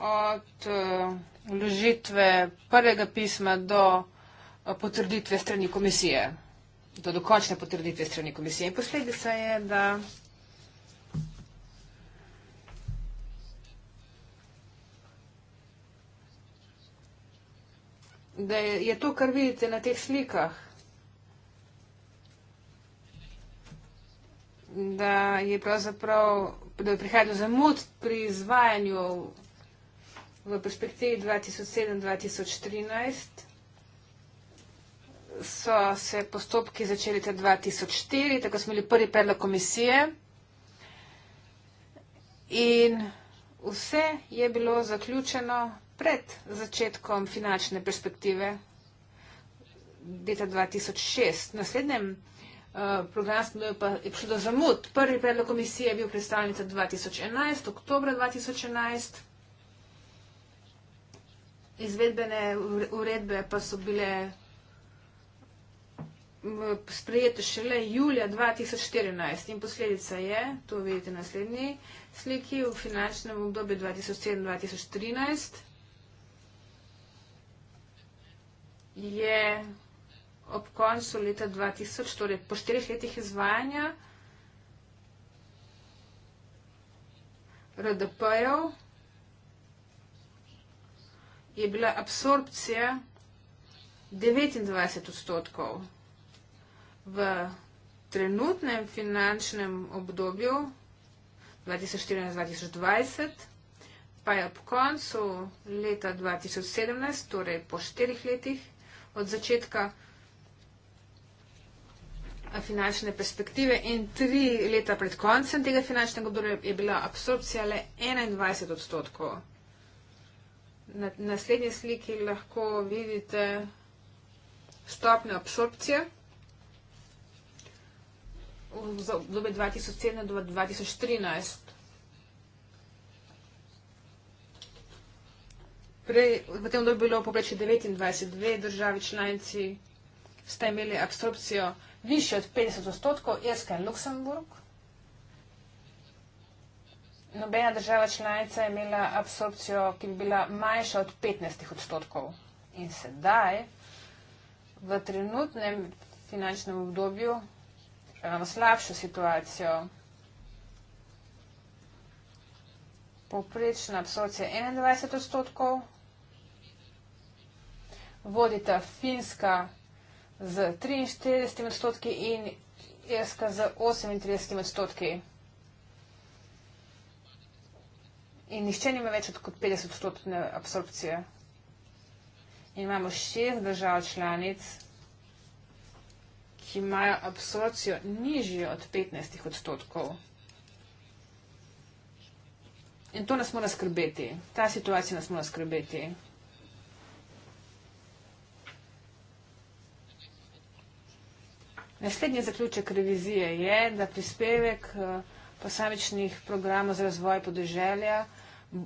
B: od eh, vložitve prvega pisma do eh, potrditve strani komisije, do dokončne potrditve strani komisije. In posledica je, da da je to, kar vidite na teh slikah, da je pravzaprav, da je prihajalo zamud pri izvajanju v perspektivi 2007-2013 so se postopki začeli te 2004, tako smo bili prvi predlog komisije in vse je bilo zaključeno pred začetkom finančne perspektive leta 2006. Naslednjem eh, program smo pa prišli do zamud. Prvi predlog komisije je bil predstavljen 2011, oktober 2011 izvedbene uredbe pa so bile sprejete šele julija 2014 in posledica je, to vidite na naslednji sliki, v finančnem obdobju 2007-2013 je ob koncu leta 2000, torej po štirih letih izvajanja RDP-jev, je bila absorpcija 29 odstotkov. V trenutnem finančnem obdobju 2014-2020 pa je ob koncu leta 2017, torej po štirih letih od začetka finančne perspektive in tri leta pred koncem tega finančnega obdobja je bila absorpcija le 21 odstotkov. Na naslednji sliki lahko vidite stopne absorpcije v obdobju 2007 do 2013. Prej, v tem obdobju je bilo poprečje 29, dve državi članici sta imeli absorpcijo više od 50 odstotkov, Irska in Luksemburg nobena država članica imela absorpcijo, ki bi bila manjša od 15 odstotkov. In sedaj, v trenutnem finančnem obdobju, imamo slabšo situacijo. Poprečna absorpcija 21 odstotkov, vodita Finska z 43 odstotki in Irska z 38 odstotki. in nihče nima več kot 50-odstotne absorpcije. In imamo šest držav članic, ki imajo absorpcijo nižjo od 15 odstotkov. In to nas mora skrbeti, ta situacija nas mora skrbeti. Naslednji zaključek revizije je, da prispevek eh, posamičnih programov za razvoj podeželja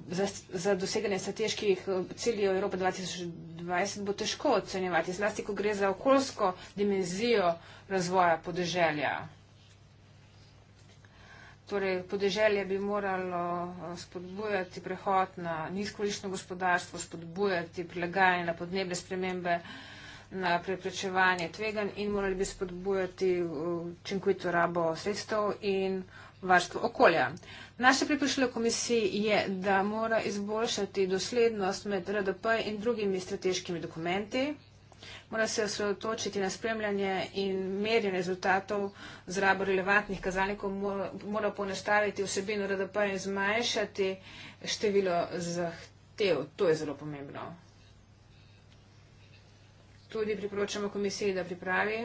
B: za, za doseganje strateških eh, ciljev Evrope 2020 bo težko ocenjevati, zlasti ko gre za okoljsko dimenzijo razvoja podeželja. Torej, podeželje bi moralo eh, spodbujati prehod na nizkolično gospodarstvo, spodbujati prilagajanje na podnebne spremembe, na preprečevanje tvegan in morali bi spodbujati eh, učinkovito rabo sredstev in uh, varstvu okolja. Naše pripišljajo komisiji je, da mora izboljšati doslednost med RDP in drugimi strateškimi dokumenti, mora se osredotočiti na spremljanje in merjenje rezultatov z rabo relevantnih kazalnikov, mora ponestaviti vsebino RDP in zmanjšati število zahtev. To je zelo pomembno. Tudi priporočamo komisiji, da pripravi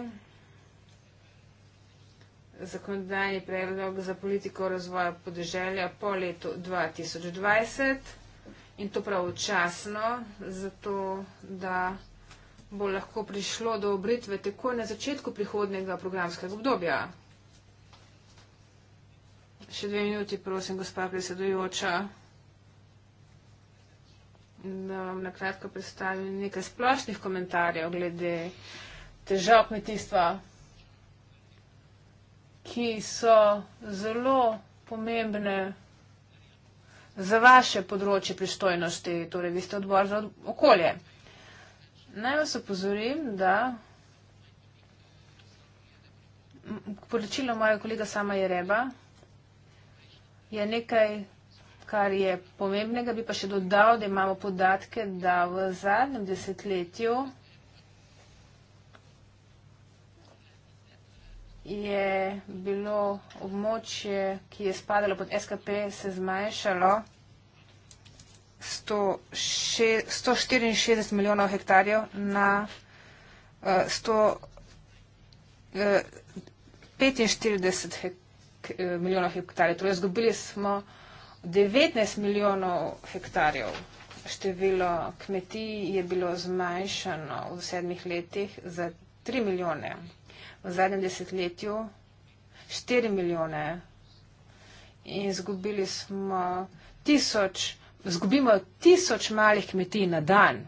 B: zakonodajni predlog za politiko razvoja podeželja po letu 2020 in to pravočasno, zato da bo lahko prišlo do obritve takoj na začetku prihodnega programskega obdobja. Še dve minuti, prosim, gospa predsedujoča, da vam nakratko predstavim nekaj splošnih komentarjev glede težav kmetijstva ki so zelo pomembne za vaše področje pristojnosti, torej vi ste odbor za okolje. Naj vas opozorim, da poročilo mojega kolega Sama Jereba je nekaj, kar je pomembnega, bi pa še dodal, da imamo podatke, da v zadnjem desetletju je bilo območje, ki je spadalo pod SKP, se zmanjšalo 164 milijonov hektarjev na 145 eh, eh, eh, milijonov hektarjev. Torej, zgubili smo 19 milijonov hektarjev. Število kmetij je bilo zmanjšano v sedmih letih za 3 milijone hektarjev v zadnjem desetletju 4 milijone in izgubili smo tisoč, izgubimo tisoč malih kmetij na dan.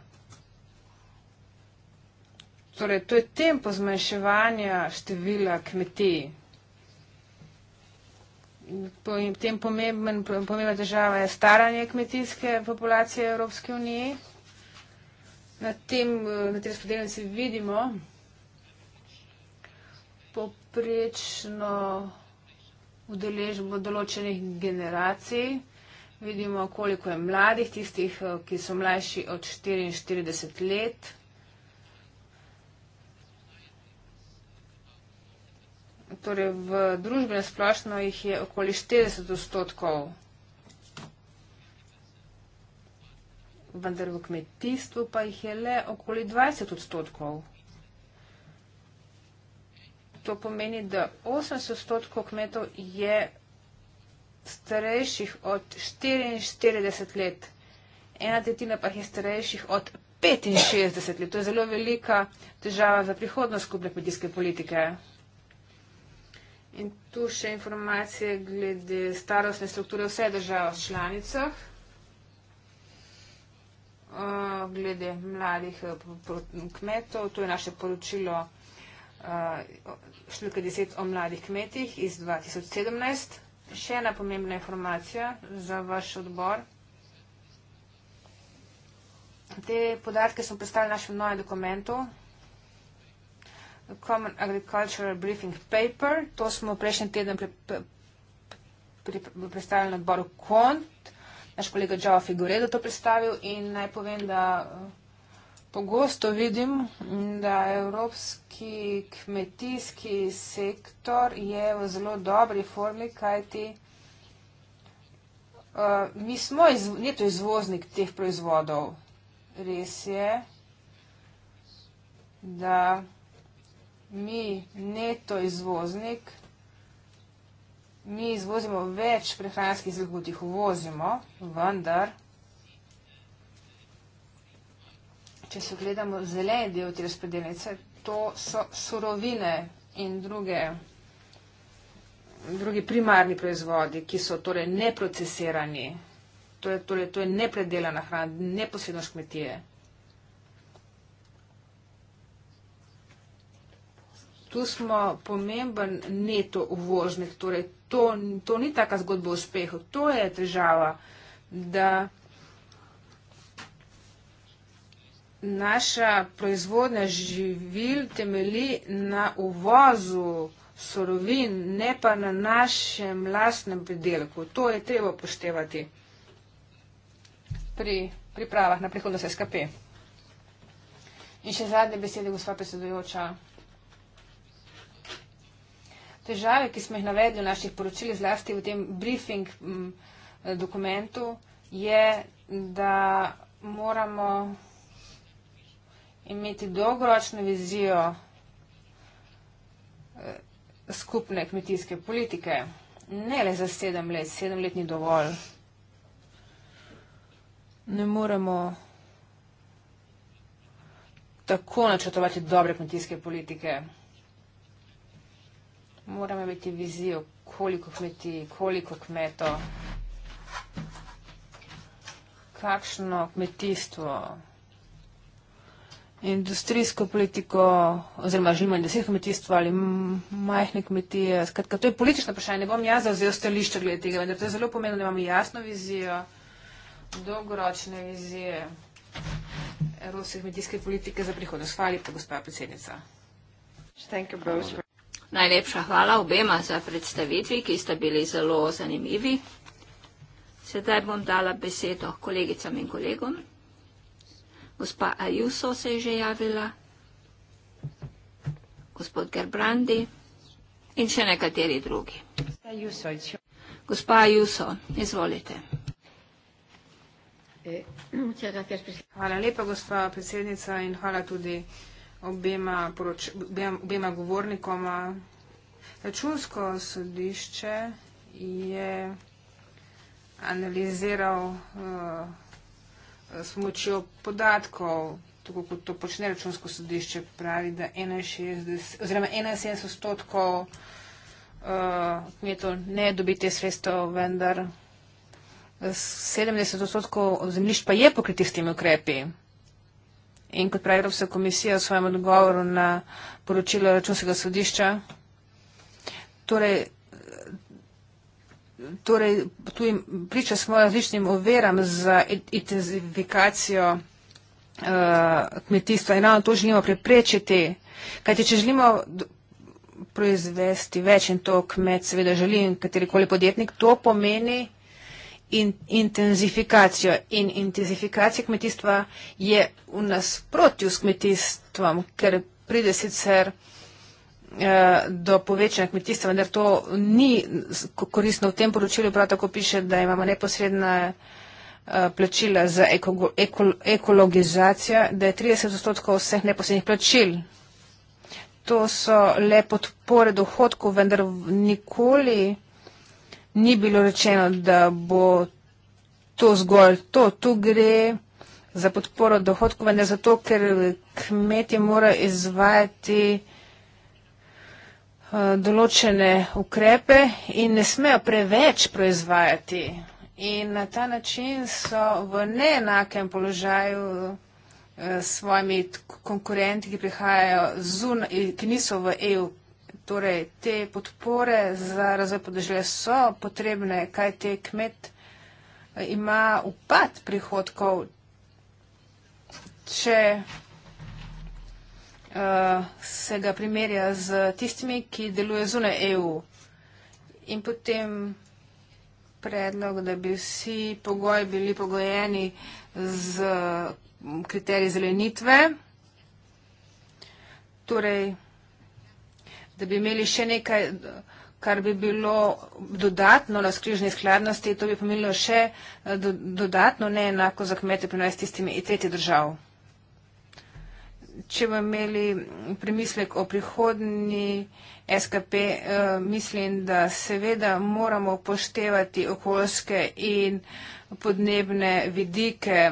B: Torej, to je tempo zmanjševanja števila kmetij. Tem pomemben, pomembna država je staranje kmetijske populacije Evropske unije. Na tem, na tem spodelnici vidimo, poprečno udeležbo določenih generacij. Vidimo, koliko je mladih, tistih, eh, ki so mlajši od 44 let. Torej, v družbi nasplošno jih je okoli 40 odstotkov, vendar v kmetijstvu pa jih je le okoli 20 odstotkov to pomeni, da 80% kmetov je starejših od 44 let, ena tretjina pa je starejših od 65 let. To je zelo velika težava za prihodnost skupne kmetijske politike. In tu še informacije glede starostne strukture vseh držav članicah, glede mladih eh, kmetov. To je naše poročilo. Eh, številka 10 o mladih kmetih iz 2017. Še ena pomembna informacija za vaš odbor. Te podatke smo predstavili v našem novem dokumentu, Common Agricultural Briefing Paper. To smo prejšnji teden predstavili na odboru KONT. Naš kolega Džava Figuredo to predstavil in naj povem, da Pogosto vidim, da evropski kmetijski sektor je v zelo dobri formi, kajti uh, mi smo iz, neto izvoznik teh proizvodov. Res je, da mi neto izvoznik, mi izvozimo več prehranskih zagotih, uvozimo, vendar. če se gledamo zeleni del te razpredelnice, to so surovine in druge, drugi primarni proizvodi, ki so torej neprocesirani. To je, torej, to je nepredelana hrana, neposredno škmetije. Tu smo pomemben neto uvožnik, torej to, to ni taka zgodba o uspehu, to je težava, da naša proizvodnja živil temeli na uvozu sorovin, ne pa na našem lastnem predelku. To je treba poštevati pri pripravah na prihodnost SKP. In še zadnje besede, gospa predsedujoča. Težave, ki smo jih navedli v naših poročilih, zlasti v tem briefing mm, dokumentu, je, da moramo imeti dolgoročno vizijo eh, skupne kmetijske politike. Ne le za sedem let, sedem let ni dovolj. Ne moremo tako načrtovati dobre kmetijske politike. Moramo imeti vizijo, koliko kmetij, koliko kmetov, kakšno kmetijstvo industrijsko politiko oziroma želimo industrijsko kmetijstvo ali majhne kmetije. Skratka, to je politično vprašanje, ne bom jaz zauzel stališče glede tega, vendar to je zelo pomembno, da imamo jasno vizijo, dolgoročne vizije evropske kmetijske
C: politike za prihodnost. Hvala lepa, gospa predsednica. Najlepša hvala obema za predstavitvi, ki sta bili zelo zanimivi. Sedaj bom dala besedo kolegicam in kolegom. Gospa Ajuso se je že javila, gospod Gerbrandi in še nekateri drugi. Gospa Ajuso, izvolite.
B: Hvala lepa, gospa predsednica, in hvala tudi obema, poroč, obema govornikoma. Računsko sodišče je analiziral uh, s pomočjo podatkov, tako kot to počne računsko sodišče, pravi, da 61 odstotkov uh, kmetov ne dobi te sredstev, vendar 70 odstotkov zemljišč pa je pokriti s temi ukrepi. In kot pravi Evropska komisija v svojem odgovoru na poročilo računskega sodišča, torej torej tu jim priča smo različnim overam za intenzifikacijo uh, kmetijstva in ravno to želimo preprečiti. Kajti, če želimo proizvesti več in to kmet seveda želi in katerikoli podjetnik, to pomeni in, intenzifikacijo. In intenzifikacija kmetijstva je v nasprotju s kmetijstvom, ker pride sicer. Eh, do povečanja kmetijstva, vendar to ni koristno. V tem poročilu prav tako piše, da imamo neposredna eh, plačila za eko, eko, ekologizacijo, da je 30 odstotkov vseh neposrednih plačil. To so le podpore dohodku, vendar nikoli ni bilo rečeno, da bo to zgolj to. Tu gre za podporo dohodku, vendar zato, ker kmetje morajo izvajati Eh, določene ukrepe in ne smejo preveč proizvajati. In na ta način so v neenakem položaju eh, s svojimi konkurenti, ki prihajajo zun, ki niso v EU. Torej, te podpore za razvoj podeželja so potrebne, kaj te kmet eh, ima upad prihodkov, če Eh, se ga primerja z tistimi, ki delujejo zunaj EU. In potem predlog, da bi vsi pogoji bili pogojeni z mm, kriteriji zelenitve. Torej, da bi imeli še nekaj, kar bi bilo dodatno na skrižni skladnosti, to bi pomenilo še eh, dodatno neenako za kmete prinajst tistimi in tretji državami če bomo imeli premislek o prihodnji SKP, eh, mislim, da seveda moramo poštevati okoljske in podnebne vidike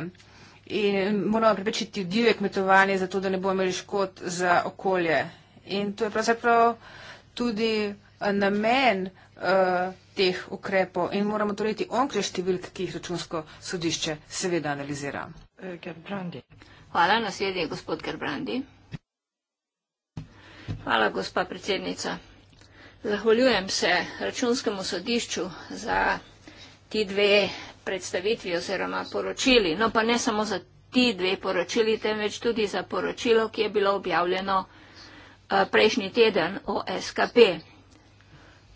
B: in moramo prepečiti divje kmetovanje, zato da ne bomo imeli škod za okolje. In to je pravzaprav tudi eh, namen eh, teh ukrepov in moramo torej ti onkrej številk, ki jih računsko sodišče seveda analizira.
C: Gerd Brandi. Hvala. Naslednji je gospod Gerbrandi. Hvala, gospa predsednica. Zahvaljujem se računskemu sodišču za ti dve predstavitvi oziroma poročili. No pa ne samo za ti dve poročili, temveč tudi za poročilo, ki je bilo objavljeno eh, prejšnji teden o SKP.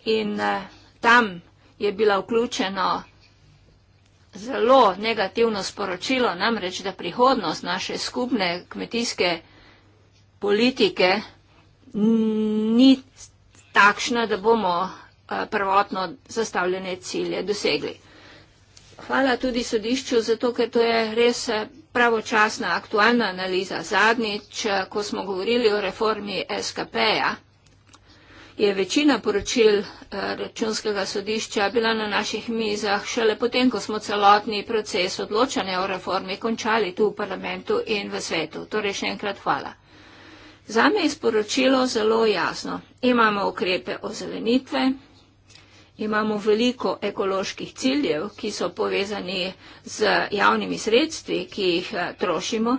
C: In eh, tam je bila vključeno zelo negativno sporočilo, namreč, da prihodnost naše skupne kmetijske politike ni takšna, da bomo eh, prvotno zastavljene cilje dosegli. Hvala tudi sodišču, zato ker to je res eh, pravočasna aktualna analiza. Zadnjič, eh, ko smo govorili o reformi SKP-ja, -ja, je večina poročil eh, računskega sodišča bila na naših mizah šele potem, ko smo celotni proces odločanja o reformi končali tu v parlamentu in v svetu. Torej še enkrat hvala. Zame je sporočilo zelo jasno. Imamo ukrepe ozelenitve, Imamo veliko ekoloških ciljev, ki so povezani z javnimi sredstvi, ki jih eh, trošimo,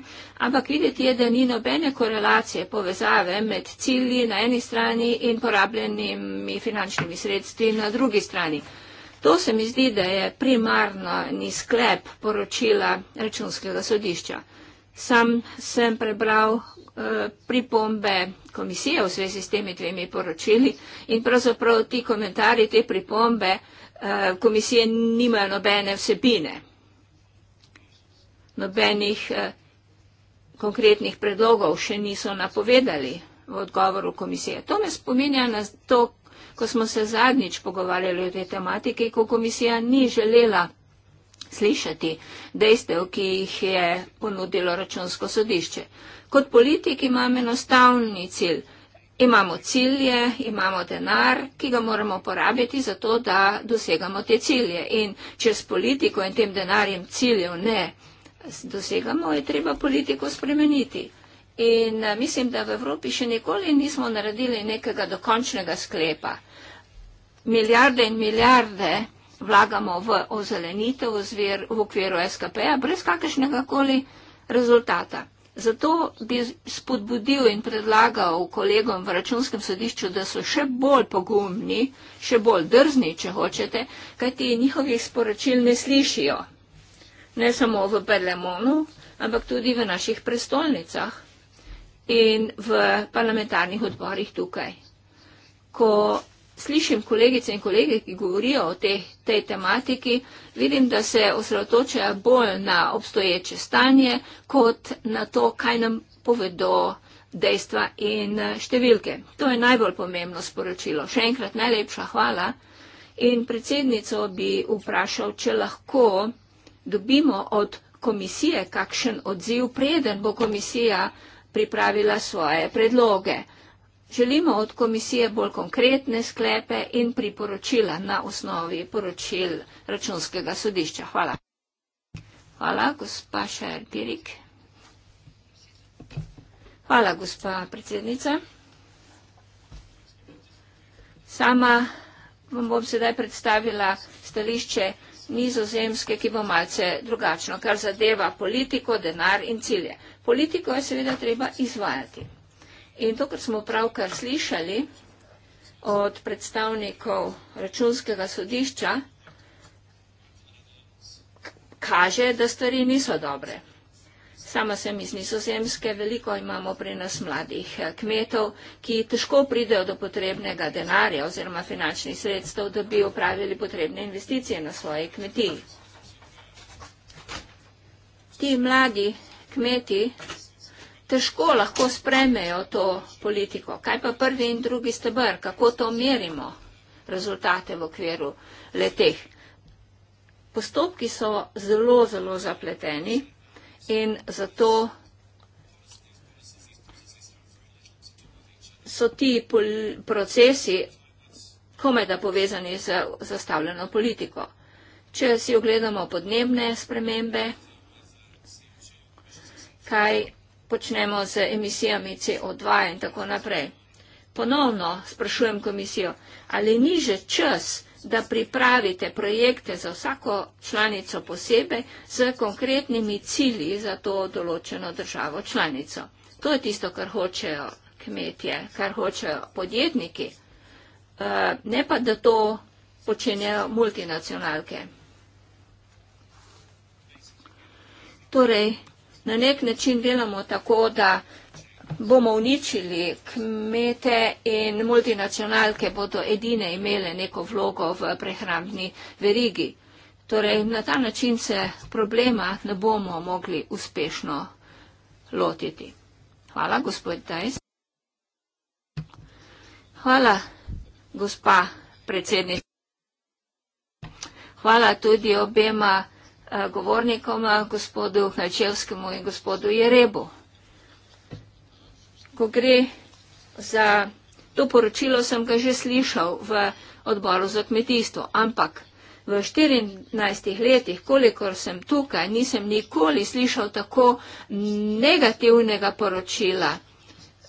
C: ampak videti je, da ni nobene korelacije povezave med cilji na eni strani in porabljenimi finančnimi sredstvi na drugi strani. To se mi zdi, da je primarno ni sklep poročila računskega sodišča. Sam sem prebral Eh, pripombe komisije v zvezi s temi dvemi poročili in pravzaprav ti komentarji, te pripombe eh, komisije nimajo nobene vsebine, nobenih eh, konkretnih predlogov še niso napovedali v odgovoru komisije. To me spominja na to, ko smo se zadnjič pogovarjali o tej tematiki, ko komisija ni želela slišati dejstev, ki jih je ponudilo računsko sodišče. Kot politik imam enostavni cilj. Imamo cilje, imamo denar, ki ga moramo porabiti za to, da dosegamo te cilje. In če s politiko in tem denarjem ciljev ne dosegamo, je treba politiko spremeniti. In eh, mislim, da v Evropi še nikoli nismo naredili nekega dokončnega sklepa. Milijarde in milijarde vlagamo v ozelenitev zver, v okviru SKP-ja, brez kakršnega koli rezultata. Zato bi spodbudil in predlagal kolegom v računskem sodišču, da so še bolj pogumni, še bolj drzni, če hočete, kajti njihovih sporočil ne slišijo. Ne samo v Berlemonu, ampak tudi v naših prestolnicah in v parlamentarnih odborih tukaj. Ko slišim kolegice in kolege, ki govorijo o te, tej tematiki, vidim, da se osredotočajo bolj na obstoječe stanje, kot na to, kaj nam povedo dejstva in eh, številke. To je najbolj pomembno sporočilo. Še enkrat najlepša hvala. In predsednico bi vprašal, če lahko dobimo od komisije kakšen odziv, preden bo komisija pripravila svoje predloge. Želimo od komisije bolj konkretne sklepe in priporočila na osnovi poročil računskega sodišča. Hvala. Hvala, gospa Šerpirik. Hvala, gospa predsednica. Sama vam bom sedaj predstavila stališče nizozemske, ki bo malce drugačno, kar zadeva politiko, denar in cilje. Politiko je seveda treba izvajati. In to, kar smo pravkar slišali od predstavnikov računskega sodišča, kaže, da stvari niso dobre. Sama sem iz nizozemske, veliko imamo pri nas mladih eh, kmetov, ki težko pridejo do potrebnega denarja oziroma finančnih sredstev, da bi upravili potrebne investicije na svoji kmetiji. Ti mladi kmeti težko lahko spremejo to politiko. Kaj pa prvi in drugi stebr, kako to merimo, rezultate v okviru leteh. Postopki so zelo, zelo zapleteni in zato so ti procesi komaj da povezani z zastavljeno politiko. Če si ogledamo podnebne spremembe, kaj počnemo z emisijami CO2 in tako naprej. Ponovno sprašujem komisijo, ali ni že čas, da pripravite projekte za vsako članico posebej z konkretnimi cilji za to določeno državo članico. To je tisto, kar hočejo kmetje, kar hočejo podjetniki, eh, ne pa, da to počenjajo multinacionalke. Torej, na nek način delamo tako, da bomo uničili kmete in multinacionalke bodo edine imele neko vlogo v prehrambni verigi. Torej, na ta način se problema ne bomo mogli uspešno lotiti. Hvala, gospod Dajs. Hvala, gospa predsednica. Hvala tudi obema. Eh, govornikom, eh, gospodu Čevskemu in gospodu Jerebu. Ko gre za to poročilo, sem ga že slišal v odboru za kmetijstvo, ampak v 14 letih, kolikor sem tukaj, nisem nikoli slišal tako negativnega poročila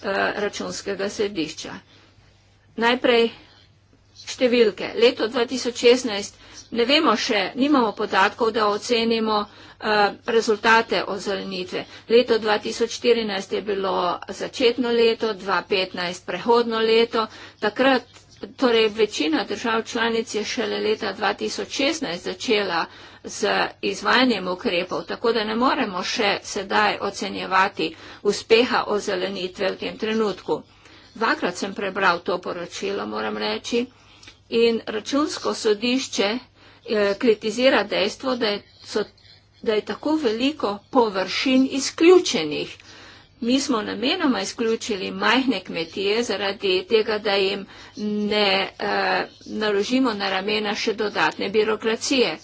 C: eh, računskega sedišča. Najprej številke. Leto 2016 Ne vemo še, nimamo podatkov, da ocenimo uh, rezultate ozelenitve. Leto 2014 je bilo začetno leto, 2015 prehodno leto. Takrat, torej večina držav članic je šele leta 2016 začela z izvajanjem ukrepov, tako da ne moremo še sedaj ocenjevati uspeha ozelenitve v tem trenutku. Dvakrat sem prebral to poročilo, moram reči. In računsko sodišče Eh, kritizira dejstvo, da je, so, da je tako veliko površin izključenih. Mi smo namenoma izključili majhne kmetije zaradi tega, da jim ne eh, naložimo na ramena še dodatne birokracije.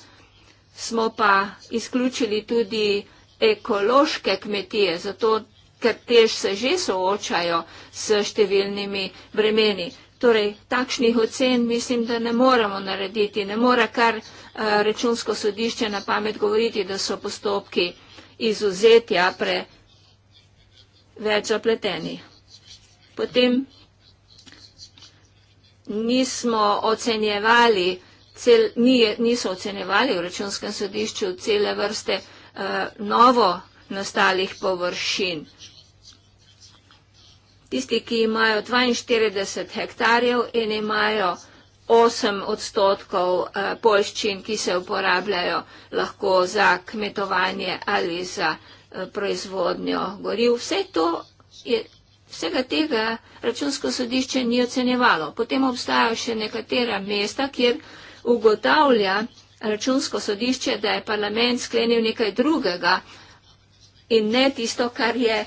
C: Smo pa izključili tudi ekološke kmetije, zato ker tež se že soočajo s številnimi bremeni. Torej, takšnih ocen mislim, da ne moremo narediti. Ne more kar eh, računsko sodišče na pamet govoriti, da so postopki izuzeti, a pre več zapleteni. Potem nismo ocenjevali, cel, niso ocenjevali v računskem sodišču cele vrste eh, novo nastalih površin tisti, ki imajo 42 hektarjev in imajo 8 odstotkov eh, poljščin, ki se uporabljajo lahko za kmetovanje ali za eh, proizvodnjo goriv. Vse to je, vsega tega računsko sodišče ni ocenjevalo. Potem obstajajo še nekatera mesta, kjer ugotavlja računsko sodišče, da je parlament sklenil nekaj drugega in ne tisto, kar je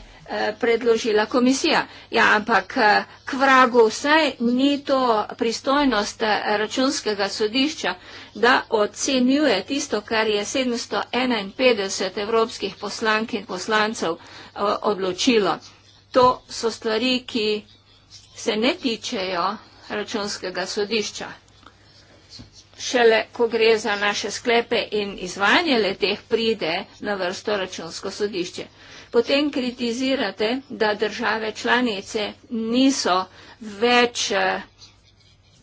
C: predložila komisija. Ja, ampak eh, k vragu vse ni to pristojnost eh, računskega sodišča, da ocenjuje tisto, kar je 751 evropskih poslank in poslancev eh, odločilo. To so stvari, ki se ne tičejo računskega sodišča. Šele, ko gre za naše sklepe in izvanje le teh, pride na vrsto računsko sodišče. Potem kritizirate, da države članice niso več eh,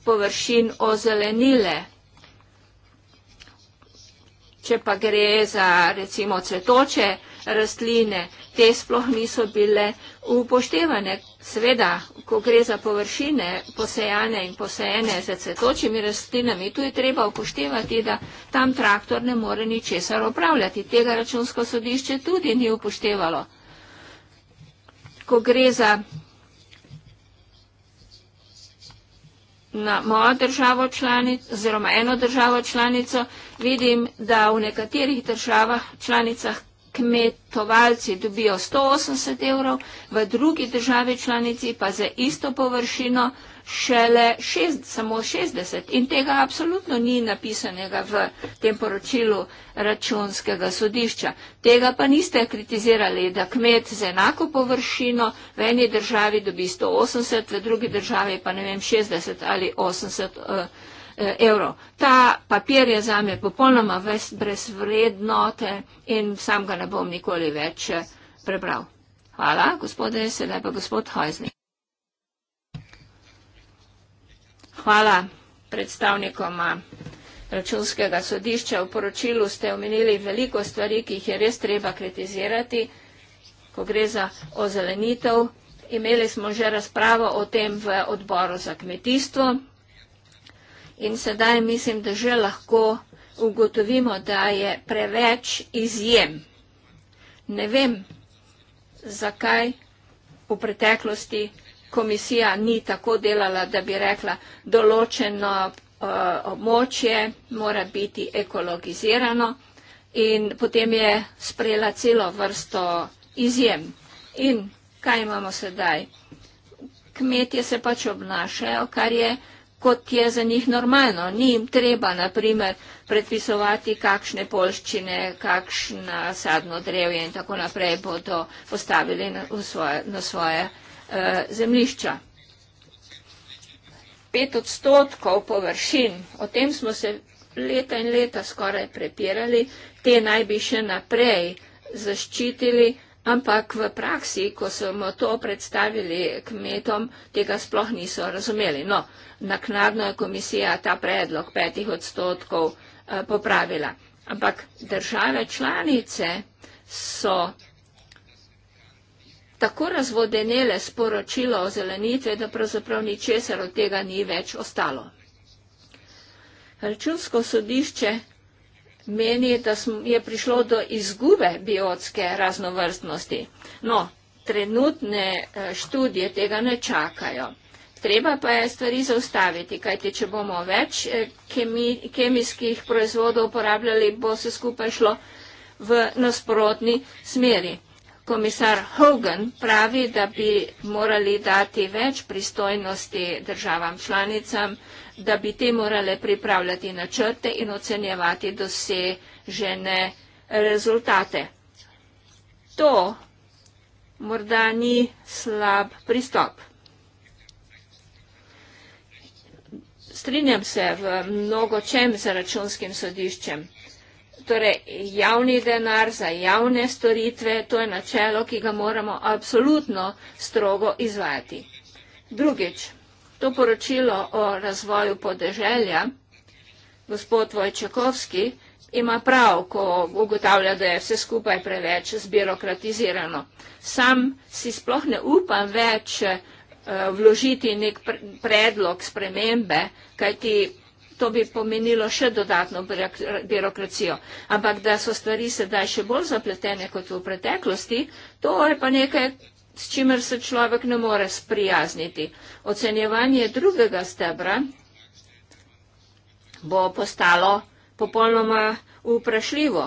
C: površin ozelenile. Če pa gre za recimo cvetoče rastline, te sploh niso bile upoštevane, Sveda, ko gre za površine posejane in posejene z cvetočimi rastlinami, tu je treba upoštevati, da tam traktor ne more ničesar opravljati. Tega računsko sodišče tudi ni upoštevalo. Ko gre za na mojo državo članico, oziroma eno državo članico, vidim, da v nekaterih državah članicah kmetovalci dobijo 180 evrov, v drugi državi članici pa za isto površino šele šest, samo 60. In tega absolutno ni napisanega v tem poročilu računskega sodišča. Tega pa niste kritizirali, da kmet z enako površino v eni državi dobi 180, v drugi državi pa ne vem 60 ali 80. Uh, eh, Eh, evrov. Ta papir je za me popolnoma brez vrednote in sam ga ne bom nikoli več eh, prebral. Hvala, gospode, sedaj pa gospod Hojzni. Hvala predstavnikoma računskega sodišča. V poročilu ste omenili veliko stvari, ki jih je res treba kritizirati, ko gre za ozelenitev. Imeli smo že razpravo o tem v odboru za kmetijstvo in sedaj mislim, da že lahko ugotovimo, da je preveč izjem. Ne vem, zakaj v preteklosti komisija ni tako delala, da bi rekla, določeno uh, območje mora biti ekologizirano in potem je sprejela celo vrsto izjem. In kaj imamo sedaj? Kmetje se pač obnašajo, kar je uh, kot je za njih normalno. Ni jim treba, na primer, predpisovati, kakšne polščine, kakšna sadno drevje in tako naprej bodo postavili na svoje, na svoje uh, eh, zemlišča. Pet odstotkov površin, o tem smo se leta in leta skoraj prepirali, te naj bi še naprej zaščitili, uh, Ampak v praksi, ko smo to predstavili kmetom, tega sploh niso razumeli. No, naknadno je komisija ta predlog petih odstotkov eh, popravila. Ampak države članice so tako razvodenele sporočilo o zelenitve, da pravzaprav ničesar od tega ni več ostalo. Računsko sodišče meni, da je prišlo do izgube biotske raznovrstnosti. No, trenutne eh, študije tega ne čakajo. Treba pa je stvari zaustaviti, kajti če bomo več eh, kemi, kemijskih proizvodov uporabljali, bo se skupaj šlo v nasprotni smeri. Komisar Hogan pravi, da bi morali dati več pristojnosti državam članicam da bi te morale pripravljati načrte in ocenjevati dosežene rezultate. To morda ni slab pristop. Strinjam se v mnogo čem z računskim sodiščem. Torej, javni denar za javne storitve, to je načelo, ki ga moramo absolutno strogo izvajati. Drugič. To poročilo o razvoju podeželja, gospod Vojčakovski, ima prav, ko ugotavlja, da je vse skupaj preveč zbirokratizirano. Sam si sploh ne upam več eh, vložiti nek predlog spremembe, kajti to bi pomenilo še dodatno birokracijo. Ampak da so stvari sedaj še bolj zapletene kot v preteklosti, to je pa nekaj, s čimer se človek ne more sprijazniti. Ocenjevanje drugega stebra bo postalo popolnoma uprašljivo.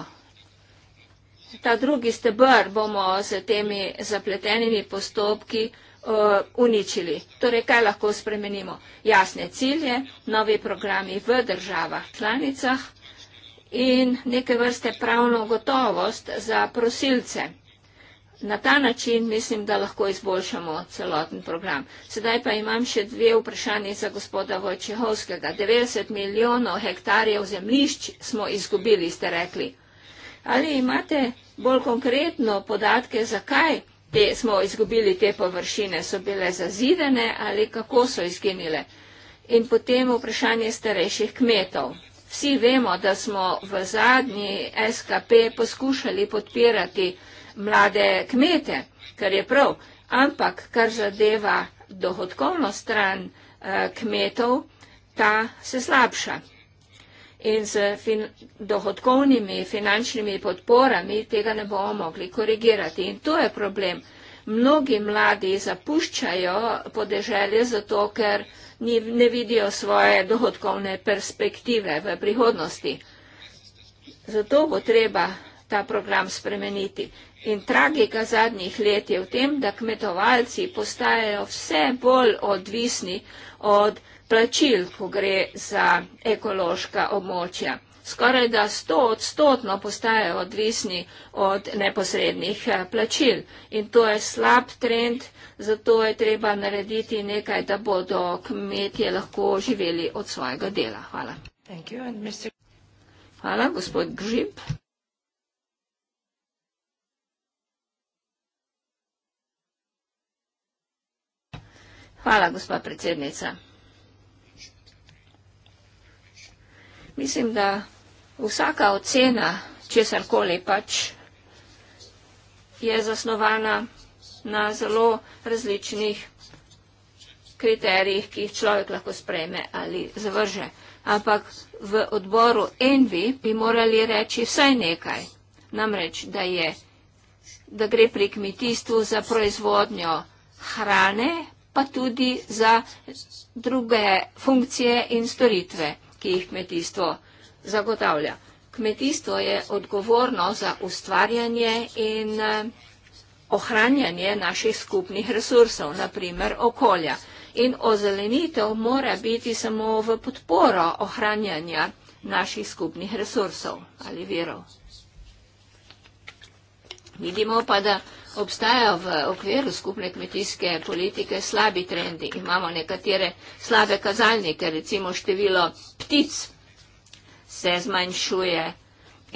C: Ta drugi stebr bomo z temi zapletenimi postopki eh, uničili. Torej, kaj lahko spremenimo? Jasne cilje, novi programi v državah, članicah in neke vrste pravno gotovost za prosilce na ta način mislim, da lahko izboljšamo celoten program. Sedaj pa imam še dve vprašanje za gospoda Vojčehovskega. 90 milijonov hektarjev zemlišč smo izgubili, ste rekli. Ali imate bolj konkretno podatke, zakaj te, smo izgubili te površine? So bile zazidene ali kako so izginile? In potem vprašanje starejših kmetov. Vsi vemo, da smo v zadnji SKP poskušali podpirati mlade kmete, kar je prav, ampak kar zadeva dohodkovno stran eh, kmetov, ta se slabša. In z fin dohodkovnimi finančnimi podporami tega ne bomo mogli korigirati. In to je problem. Mnogi mladi zapuščajo podeželje zato, ker ni, ne vidijo svoje dohodkovne perspektive v prihodnosti. Zato bo treba ta program spremeniti. In tragika zadnjih let je v tem, da kmetovalci postajajo vse bolj odvisni od plačil, ko gre za ekološka območja. Skoraj da sto odstotno postajajo odvisni od neposrednih eh, plačil. In to je slab trend, zato je treba narediti nekaj, da bodo kmetje lahko živeli od svojega dela. Hvala. Hvala, gospod Grib. Hvala, gospa predsednica. Mislim, da vsaka ocena česar koli pač je zasnovana na zelo različnih kriterijih, ki jih človek lahko sprejme ali zavrže. Ampak v odboru Envi bi morali reči vsaj nekaj. Namreč, da, je, da gre pri kmetijstvu za proizvodnjo hrane, pa tudi za druge funkcije in storitve, ki jih kmetijstvo zagotavlja. Kmetijstvo je odgovorno za ustvarjanje in eh, ohranjanje naših skupnih resursov, naprimer okolja. In ozelenitev mora biti samo v podporo ohranjanja naših skupnih resursov ali virov. Vidimo pa, da obstajajo v okviru skupne kmetijske politike slabi trendi. Imamo nekatere slabe kazalnike, recimo število ptic se zmanjšuje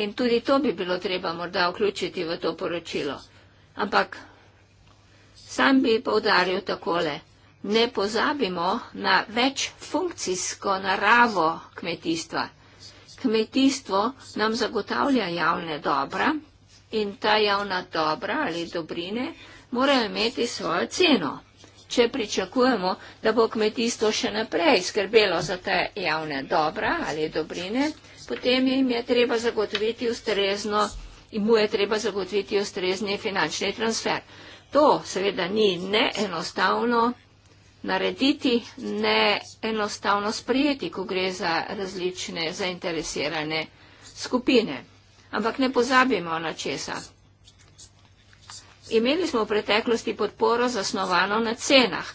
C: in tudi to bi bilo treba morda vključiti v to poročilo. Ampak sam bi povdaril takole, ne pozabimo na več funkcijsko naravo kmetijstva. Kmetijstvo nam zagotavlja javne dobra, in ta javna dobra ali dobrine morajo imeti svojo ceno. Če pričakujemo, da bo kmetijstvo še naprej skrbelo za te javne dobra ali dobrine, potem jim je treba zagotoviti ustrezno in mu je treba zagotoviti ustrezni finančni transfer. To seveda ni ne enostavno narediti, ne enostavno sprijeti, ko gre za različne zainteresirane skupine. Ampak ne pozabimo na česa. Imeli smo v preteklosti podporo zasnovano na cenah.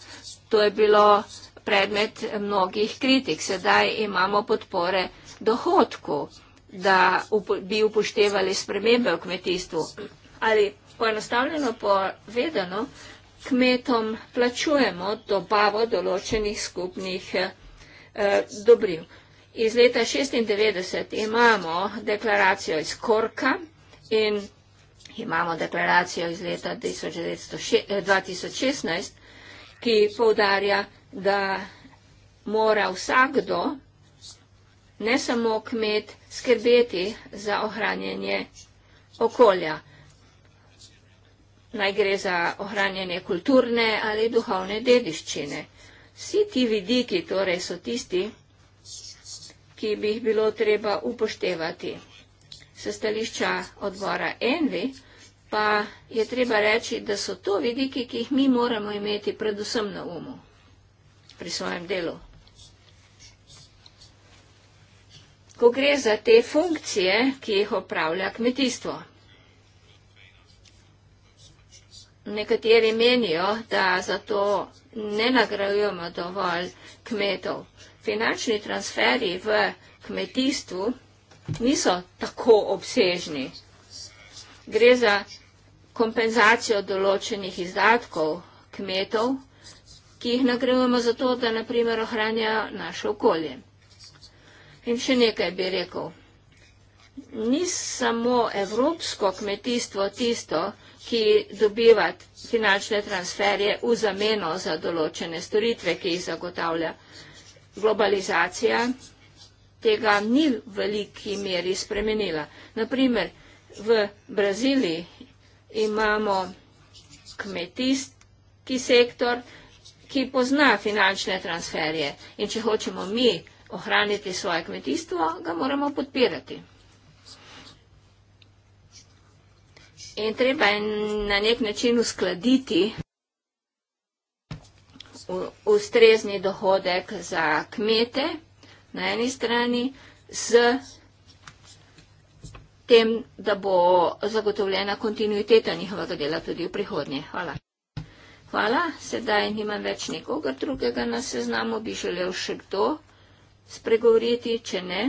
C: To je bilo predmet mnogih kritik. Sedaj imamo podpore dohodku, da bi upoštevali spremembe v kmetijstvu. Ali poenostavljeno povedano, kmetom plačujemo dobavo določenih skupnih eh, dobrin iz leta 96 imamo deklaracijo iz Korka in imamo deklaracijo iz leta 2016, eh, ki povdarja, da mora vsakdo, ne samo kmet, skrbeti za ohranjanje okolja. Naj gre za ohranjanje kulturne ali duhovne dediščine. Vsi ti vidiki torej so tisti, ki bi jih bilo treba upoštevati. Se stališča odbora Envi pa je treba reči, da so to vidiki, ki jih mi moramo imeti predvsem na umu pri svojem delu. Ko gre za te funkcije, ki jih opravlja kmetijstvo. Nekateri menijo, da zato ne nagrajujemo dovolj kmetov finančni transferi v kmetijstvu niso tako obsežni. Gre za kompenzacijo določenih izdatkov kmetov, ki jih nagrajujemo za to, da naprimer ohranjajo naše okolje. In še nekaj bi rekel. Ni samo evropsko kmetijstvo tisto, ki dobiva finančne transferje v zameno za določene storitve, ki jih zagotavlja globalizacija tega ni v veliki meri spremenila. Naprimer, v Braziliji imamo kmetijski sektor, ki pozna finančne transferje in če hočemo mi ohraniti svoje kmetijstvo, ga moramo podpirati. In treba je na nek način uskladiti ustrezni dohodek za kmete na eni strani z tem, da bo zagotovljena kontinuiteta njihovega dela tudi v prihodnje. Hvala. Hvala, sedaj nimam več nekoga drugega na seznamu, bi želel še kdo spregovoriti, če ne,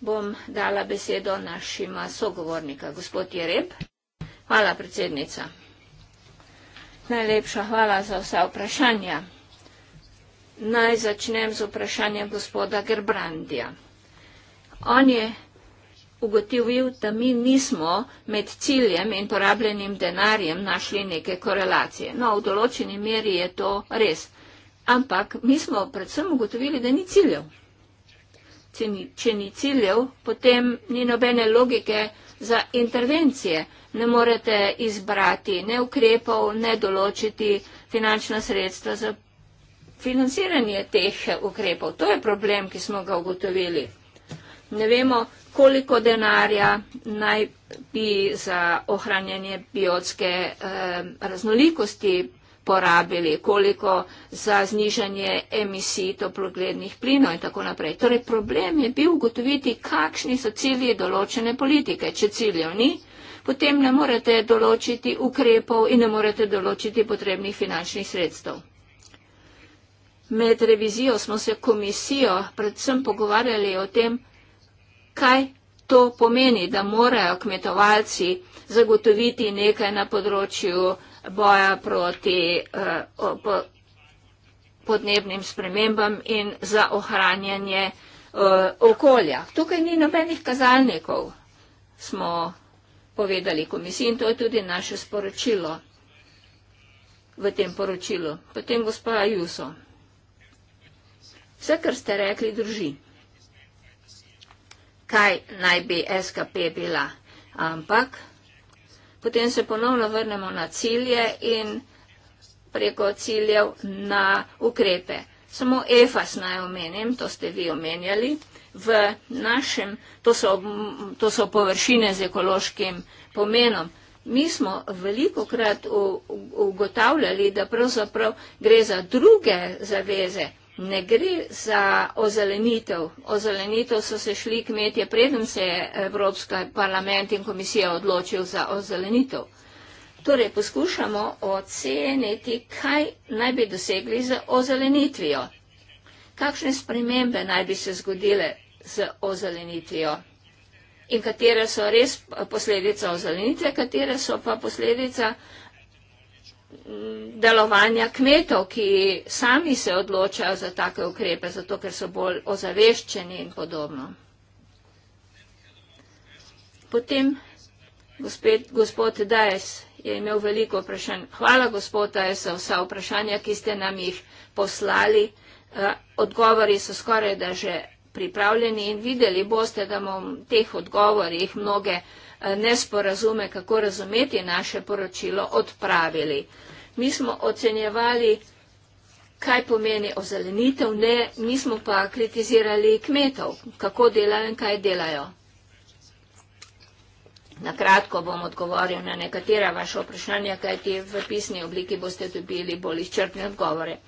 C: bom dala besedo našima sogovornika, gospod Jereb. Hvala, predsednica. Najlepša hvala za vse vprašanja. Naj začnem z vprašanjem gospoda Gerbrandija. On je ugotovil, da mi nismo med ciljem in porabljenim denarjem našli neke korelacije. No, v določeni meri je to res. Ampak mi smo predvsem ugotovili, da ni ciljev če ni, če ni ciljev, potem ni nobene logike za intervencije. Ne morete izbrati ne ukrepov, ne določiti finančna sredstva za financiranje teh ukrepov. To je problem, ki smo ga ugotovili. Ne vemo, koliko denarja naj bi za ohranjanje biotske eh, raznolikosti porabili, koliko za znižanje emisij toplogrednih plinov in tako naprej. Torej, problem je bil ugotoviti, kakšni so cilji določene politike. Če ciljev ni, potem ne morete določiti ukrepov in ne morete določiti potrebnih finančnih sredstev. Med revizijo smo se komisijo predvsem pogovarjali o tem, kaj to pomeni, da morajo kmetovalci zagotoviti nekaj na področju boja proti uh, po, podnebnim spremembam in za ohranjanje uh, okolja. Tukaj ni nobenih kazalnikov, smo povedali komisiji in to je tudi naše sporočilo v tem poročilu. Potem gospa Juso. Vse, kar ste rekli, drži. Kaj naj bi SKP bila? Ampak Potem se ponovno vrnemo na cilje in preko ciljev na ukrepe. Samo EFAS naj omenim, to ste vi omenjali. V našem, to so, to so površine z ekološkim pomenom. Mi smo veliko krat ugotavljali, da pravzaprav gre za druge zaveze, ne gre za ozelenitev. Ozelenitev so se šli kmetje, preden se je Evropska parlament in komisija odločil za ozelenitev. Torej, poskušamo oceniti, kaj naj bi dosegli z ozelenitvijo. Kakšne spremembe naj bi se zgodile z ozelenitvijo in katere so res posledica ozelenitve, katere so pa posledica delovanja kmetov, ki sami se odločajo za take ukrepe, zato ker so bolj ozaveščeni in podobno. Potem gospod, gospod Dajes je imel veliko vprašanj. Hvala gospod Dajes za vsa vprašanja, ki ste nam jih poslali. Eh, odgovori so skoraj da že pripravljeni in videli boste, da bom teh odgovorih mnoge Eh, nesporazume, kako razumeti naše poročilo, odpravili. Mi smo ocenjevali, kaj pomeni ozelenitev, ne, mi smo pa kritizirali kmetov, kako delajo in kaj delajo. Na kratko bom odgovoril na nekatera vaša vprašanja, kajti v pisni obliki boste dobili bolj izčrpne odgovore.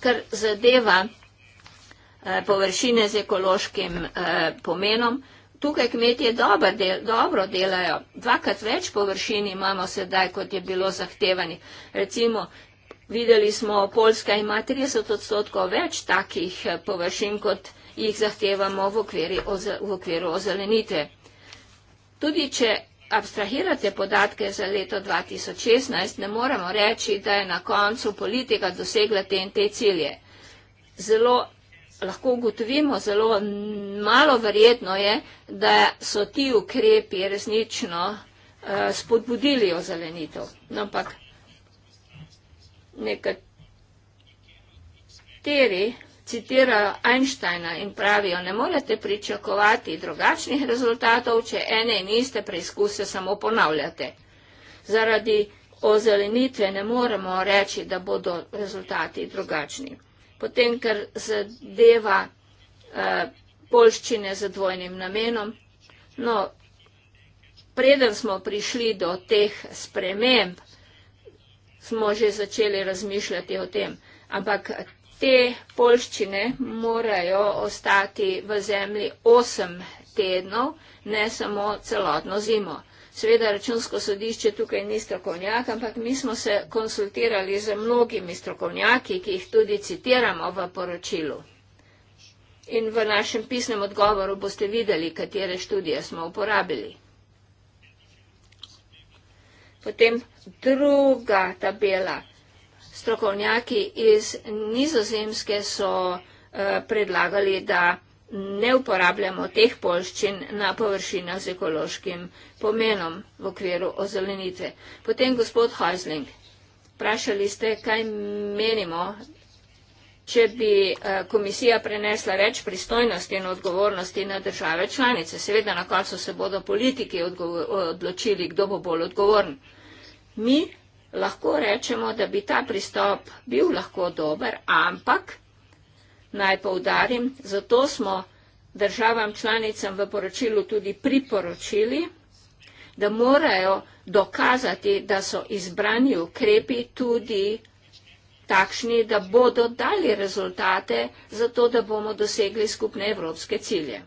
C: Ker zadeva eh, površine z ekološkim eh, pomenom, eh, tukaj kmetje dobro, del, dobro delajo, dvakrat več površini imamo sedaj, kot je bilo zahtevani. Recimo, videli smo, Poljska ima 30 odstotkov več takih eh, površin, kot jih zahtevamo v, okveri, v okviru ozelenitve. Tudi če abstrahirate podatke za leto 2016, ne moremo reči, da je na koncu politika dosegla te in te cilje. Zelo lahko ugotovimo, zelo malo verjetno je, da so ti ukrepi resnično eh, spodbudili ozelenitev. No, ampak nekateri citirajo Einsteina in pravijo, ne morete pričakovati drugačnih rezultatov, če ene in iste preizkuse samo ponavljate. Zaradi ozelenitve ne moremo reči, da bodo rezultati drugačni potem kar zadeva eh, polščine za dvojnim namenom. No, preden smo prišli do teh sprememb, smo že začeli razmišljati o tem. Ampak te polščine morajo ostati v zemlji 8 tednov, ne samo celotno zimo. Seveda računsko sodišče tukaj ni strokovnjak, ampak mi smo se konsultirali z mnogimi strokovnjaki, ki jih tudi citiramo v poročilu. In v našem pisnem odgovoru boste videli, katere študije smo uporabili. Potem druga tabela. Strokovnjaki iz nizozemske so uh, predlagali, da ne uporabljamo teh polščin na površinah z ekološkim pomenom v okviru ozelenitve. Potem gospod Heusling, vprašali ste, kaj menimo, če bi eh, komisija prenesla več pristojnosti in odgovornosti na države članice. Seveda na koncu se bodo politiki odločili, kdo bo bolj odgovoren. Mi lahko rečemo, da bi ta pristop bil lahko dober, ampak naj poudarim. Zato smo državam članicam v poročilu tudi priporočili, da morajo dokazati, da so izbrani ukrepi tudi takšni, da bodo dali rezultate za to, da bomo dosegli skupne evropske cilje.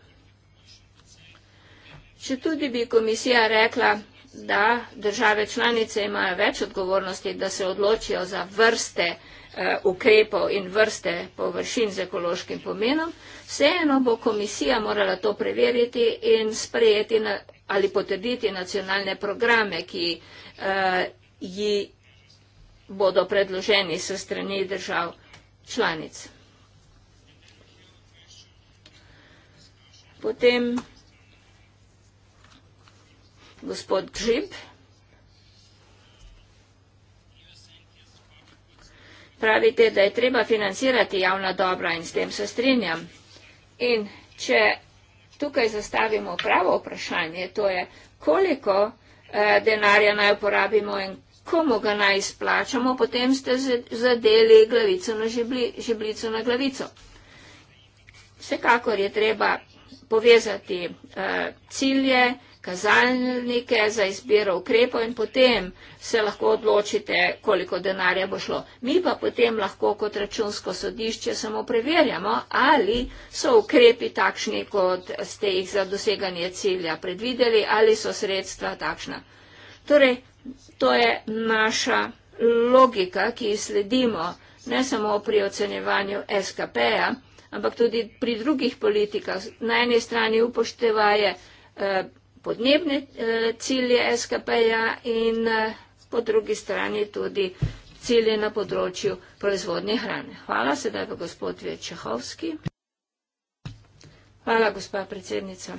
C: Če tudi bi komisija rekla, da države članice imajo več odgovornosti, da se odločijo za vrste eh, ukrepov in vrste površin z ekološkim pomenom, vseeno bo komisija morala to preveriti in sprejeti na, ali potrditi nacionalne programe, ki uh, ji bodo predloženi s strani držav članic. Potem gospod Trimp. Pravite, da je treba financirati javna dobra in s tem se strinjam. In če tukaj zastavimo pravo vprašanje, to je, koliko eh, denarja naj uporabimo in komu ga naj izplačamo, potem ste zadeli glavico na žibli, žiblico na glavico. Vsekakor je treba povezati eh, cilje, kazalnike za izbiro ukrepov in potem se lahko odločite, koliko denarja bo šlo. Mi pa potem lahko kot računsko sodišče samo preverjamo, ali so ukrepi takšni, kot ste jih za doseganje cilja predvideli, ali so sredstva takšna. Torej, to je naša logika, ki sledimo ne samo pri ocenjevanju SKP-ja, ampak tudi pri drugih politikah. Na eni strani upoštevaje eh, podnebne eh, cilje SKP-ja in eh, po drugi strani tudi cilje na področju proizvodnje hrane. Hvala, sedaj pa gospod Večehovski. Hvala, gospa predsednica.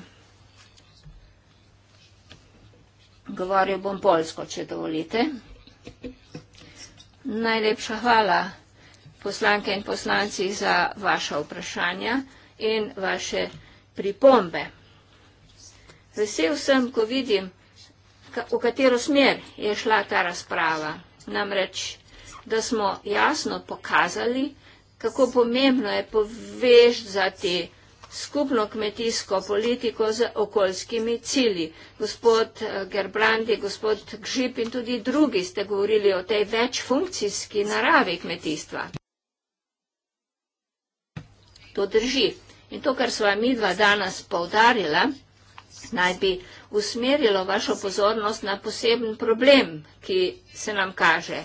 C: Govoril bom polsko, če dovolite. Najlepša hvala poslanke in poslanci za vaše vprašanja in vaše pripombe. Vesel sem, ko vidim, v katero smer je šla ta razprava. Namreč, da smo jasno pokazali, kako pomembno je povežati skupno kmetijsko politiko z okoljskimi cilji. Gospod eh, Gerbrandi, gospod Gžip in tudi drugi ste govorili o tej večfunkcijski naravi kmetijstva. To drži. In to, kar sva mi dva danes povdarila, naj bi usmerilo vašo pozornost na poseben problem, ki se nam kaže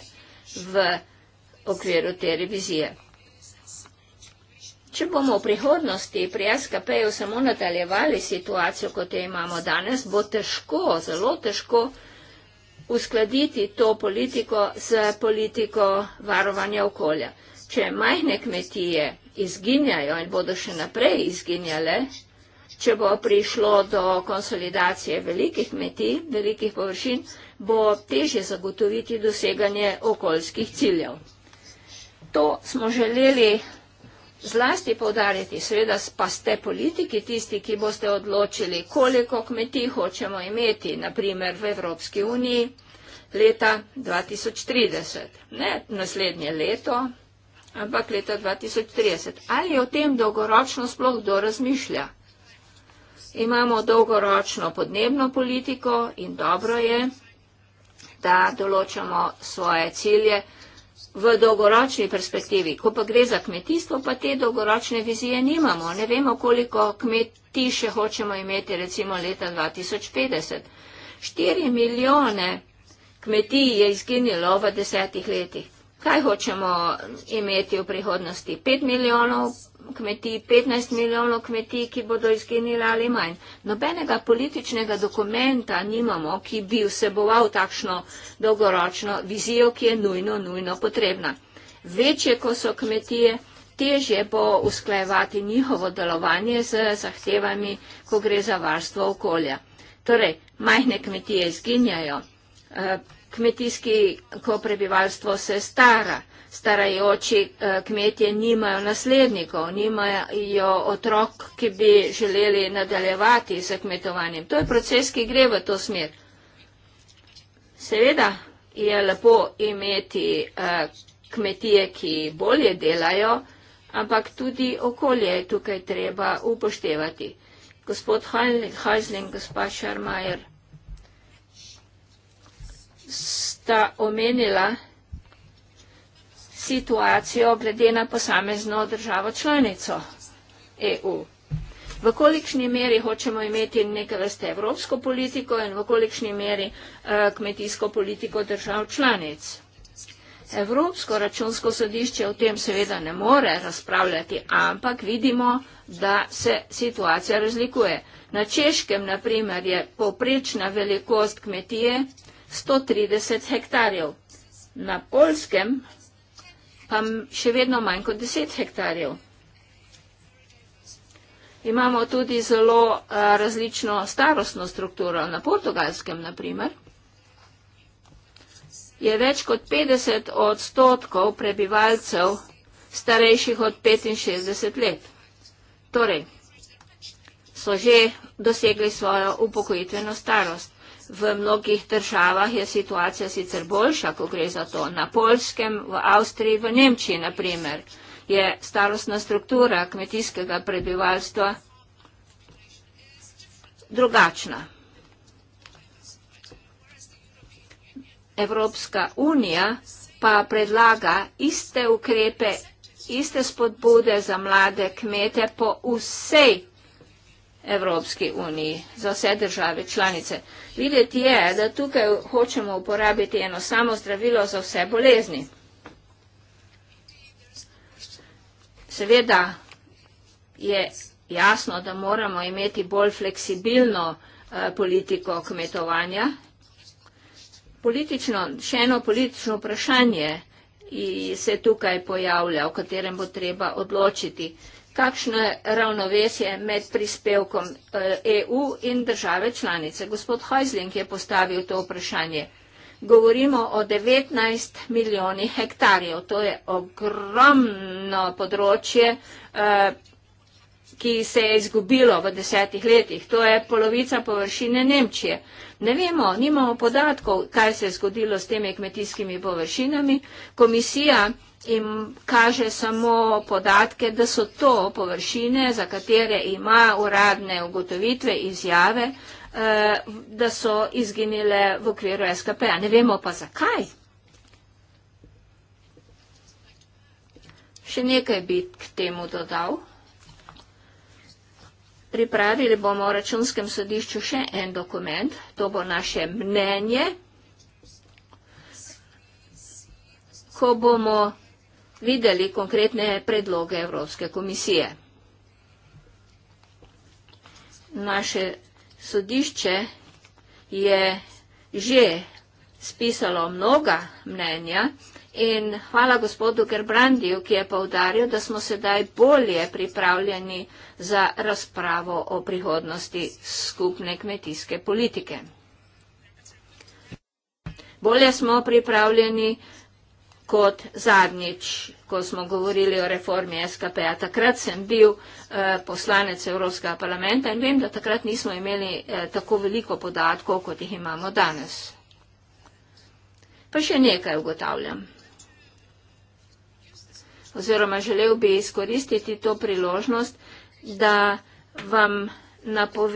C: v okviru te revizije. Če bomo v prihodnosti pri SKP-ju samo nadaljevali situacijo, kot jo imamo danes, bo težko, zelo težko uskladiti to politiko z politiko varovanja okolja. Če majhne kmetije izginjajo in bodo še naprej izginjale, če bo prišlo do konsolidacije velikih kmetij, velikih površin, bo težje zagotoviti doseganje okoljskih ciljev. To smo želeli zlasti povdariti, seveda pa ste politiki tisti, ki boste odločili, koliko kmetij hočemo imeti, naprimer v Evropski uniji leta 2030, ne naslednje leto, ampak leta 2030. Ali o tem dolgoročno sploh kdo razmišlja? Imamo dolgoročno podnebno politiko in dobro je, da določamo svoje cilje v dolgoročni perspektivi. Ko pa gre za kmetijstvo, pa te dolgoročne vizije nimamo. Ne vemo, koliko kmeti še hočemo imeti recimo leta 2050. 4 milijone kmetij je izginilo v desetih letih kaj hočemo imeti v prihodnosti? 5 milijonov kmetij, 15 milijonov kmetij, ki bodo izginili ali manj. Nobenega političnega dokumenta nimamo, ki bi vseboval takšno dolgoročno vizijo, ki je nujno, nujno potrebna. Večje, ko so kmetije, težje bo usklajevati njihovo delovanje z zahtevami, ko gre za varstvo okolja. Torej, majhne kmetije izginjajo. Eh, kmetijski, ko prebivalstvo se stara. Starajoči eh, kmetje nimajo naslednikov, nimajo otrok, ki bi želeli nadaljevati z kmetovanjem. To je proces, ki gre v to smer. Seveda je lepo imeti eh, kmetije, ki bolje delajo, ampak tudi okolje je tukaj treba upoštevati. Gospod Heisling, gospa Šarmajer, sta omenila situacijo glede na posamezno državo članico EU. V kolikšni meri hočemo imeti neke vrste evropsko politiko in v kolikšni meri eh, kmetijsko politiko držav članic. Evropsko računsko sodišče o tem seveda ne more razpravljati, ampak vidimo, da se situacija razlikuje. Na Češkem, naprimer, je poprečna velikost kmetije 130 hektarjev. Na Polskem pa še vedno manj kot 10 hektarjev. Imamo tudi zelo eh, različno starostno strukturo. Na Portugalskem, naprimer, je več kot 50 odstotkov prebivalcev starejših od 65 let. Torej, so že dosegli svojo upokojitveno starost. V mnogih državah je situacija sicer boljša, ko gre za to. Na Polskem, v Avstriji, v Nemčiji, na primer, je starostna struktura kmetijskega prebivalstva drugačna. Evropska unija pa predlaga iste ukrepe, iste spodbude za mlade kmete po vsej Evropski uniji, za vse države članice. Videti je, da tukaj hočemo uporabiti eno samo zdravilo za vse bolezni. Seveda je jasno, da moramo imeti bolj fleksibilno eh, politiko kmetovanja. Politično, še eno politično vprašanje se tukaj pojavlja, o katerem bo treba odločiti kakšno je ravnovesje med prispevkom EU eh, e in države članice. Gospod Hojzling je postavil to vprašanje. Govorimo o 19 milijonih hektarjev. To je ogromno področje eh, ki se je izgubilo v desetih letih. To je polovica površine Nemčije. Ne vemo, nimamo podatkov, kaj se je zgodilo s temi kmetijskimi površinami. Komisija jim kaže samo podatke, da so to površine, za katere ima uradne ugotovitve, izjave, eh, da so izginile v okviru SKP-a. Ne vemo pa zakaj. Še nekaj bi k temu dodal. Pripravili bomo v računskem sodišču še en dokument, to bo naše mnenje, ko bomo videli konkretne predloge Evropske komisije. Naše sodišče je že spisalo mnoga mnenja, In hvala gospodu Gerbrandiju, ki je povdaril, da smo sedaj bolje pripravljeni za razpravo o prihodnosti skupne kmetijske politike. Bolje smo pripravljeni kot zadnjič, ko smo govorili o reformi SKP-a. Takrat sem bil eh, poslanec Evropskega parlamenta in vem, da takrat nismo imeli eh, tako veliko podatkov, kot jih imamo danes. Pa še nekaj ugotavljam oziroma želel bi izkoristiti to priložnost, da vam napovedam,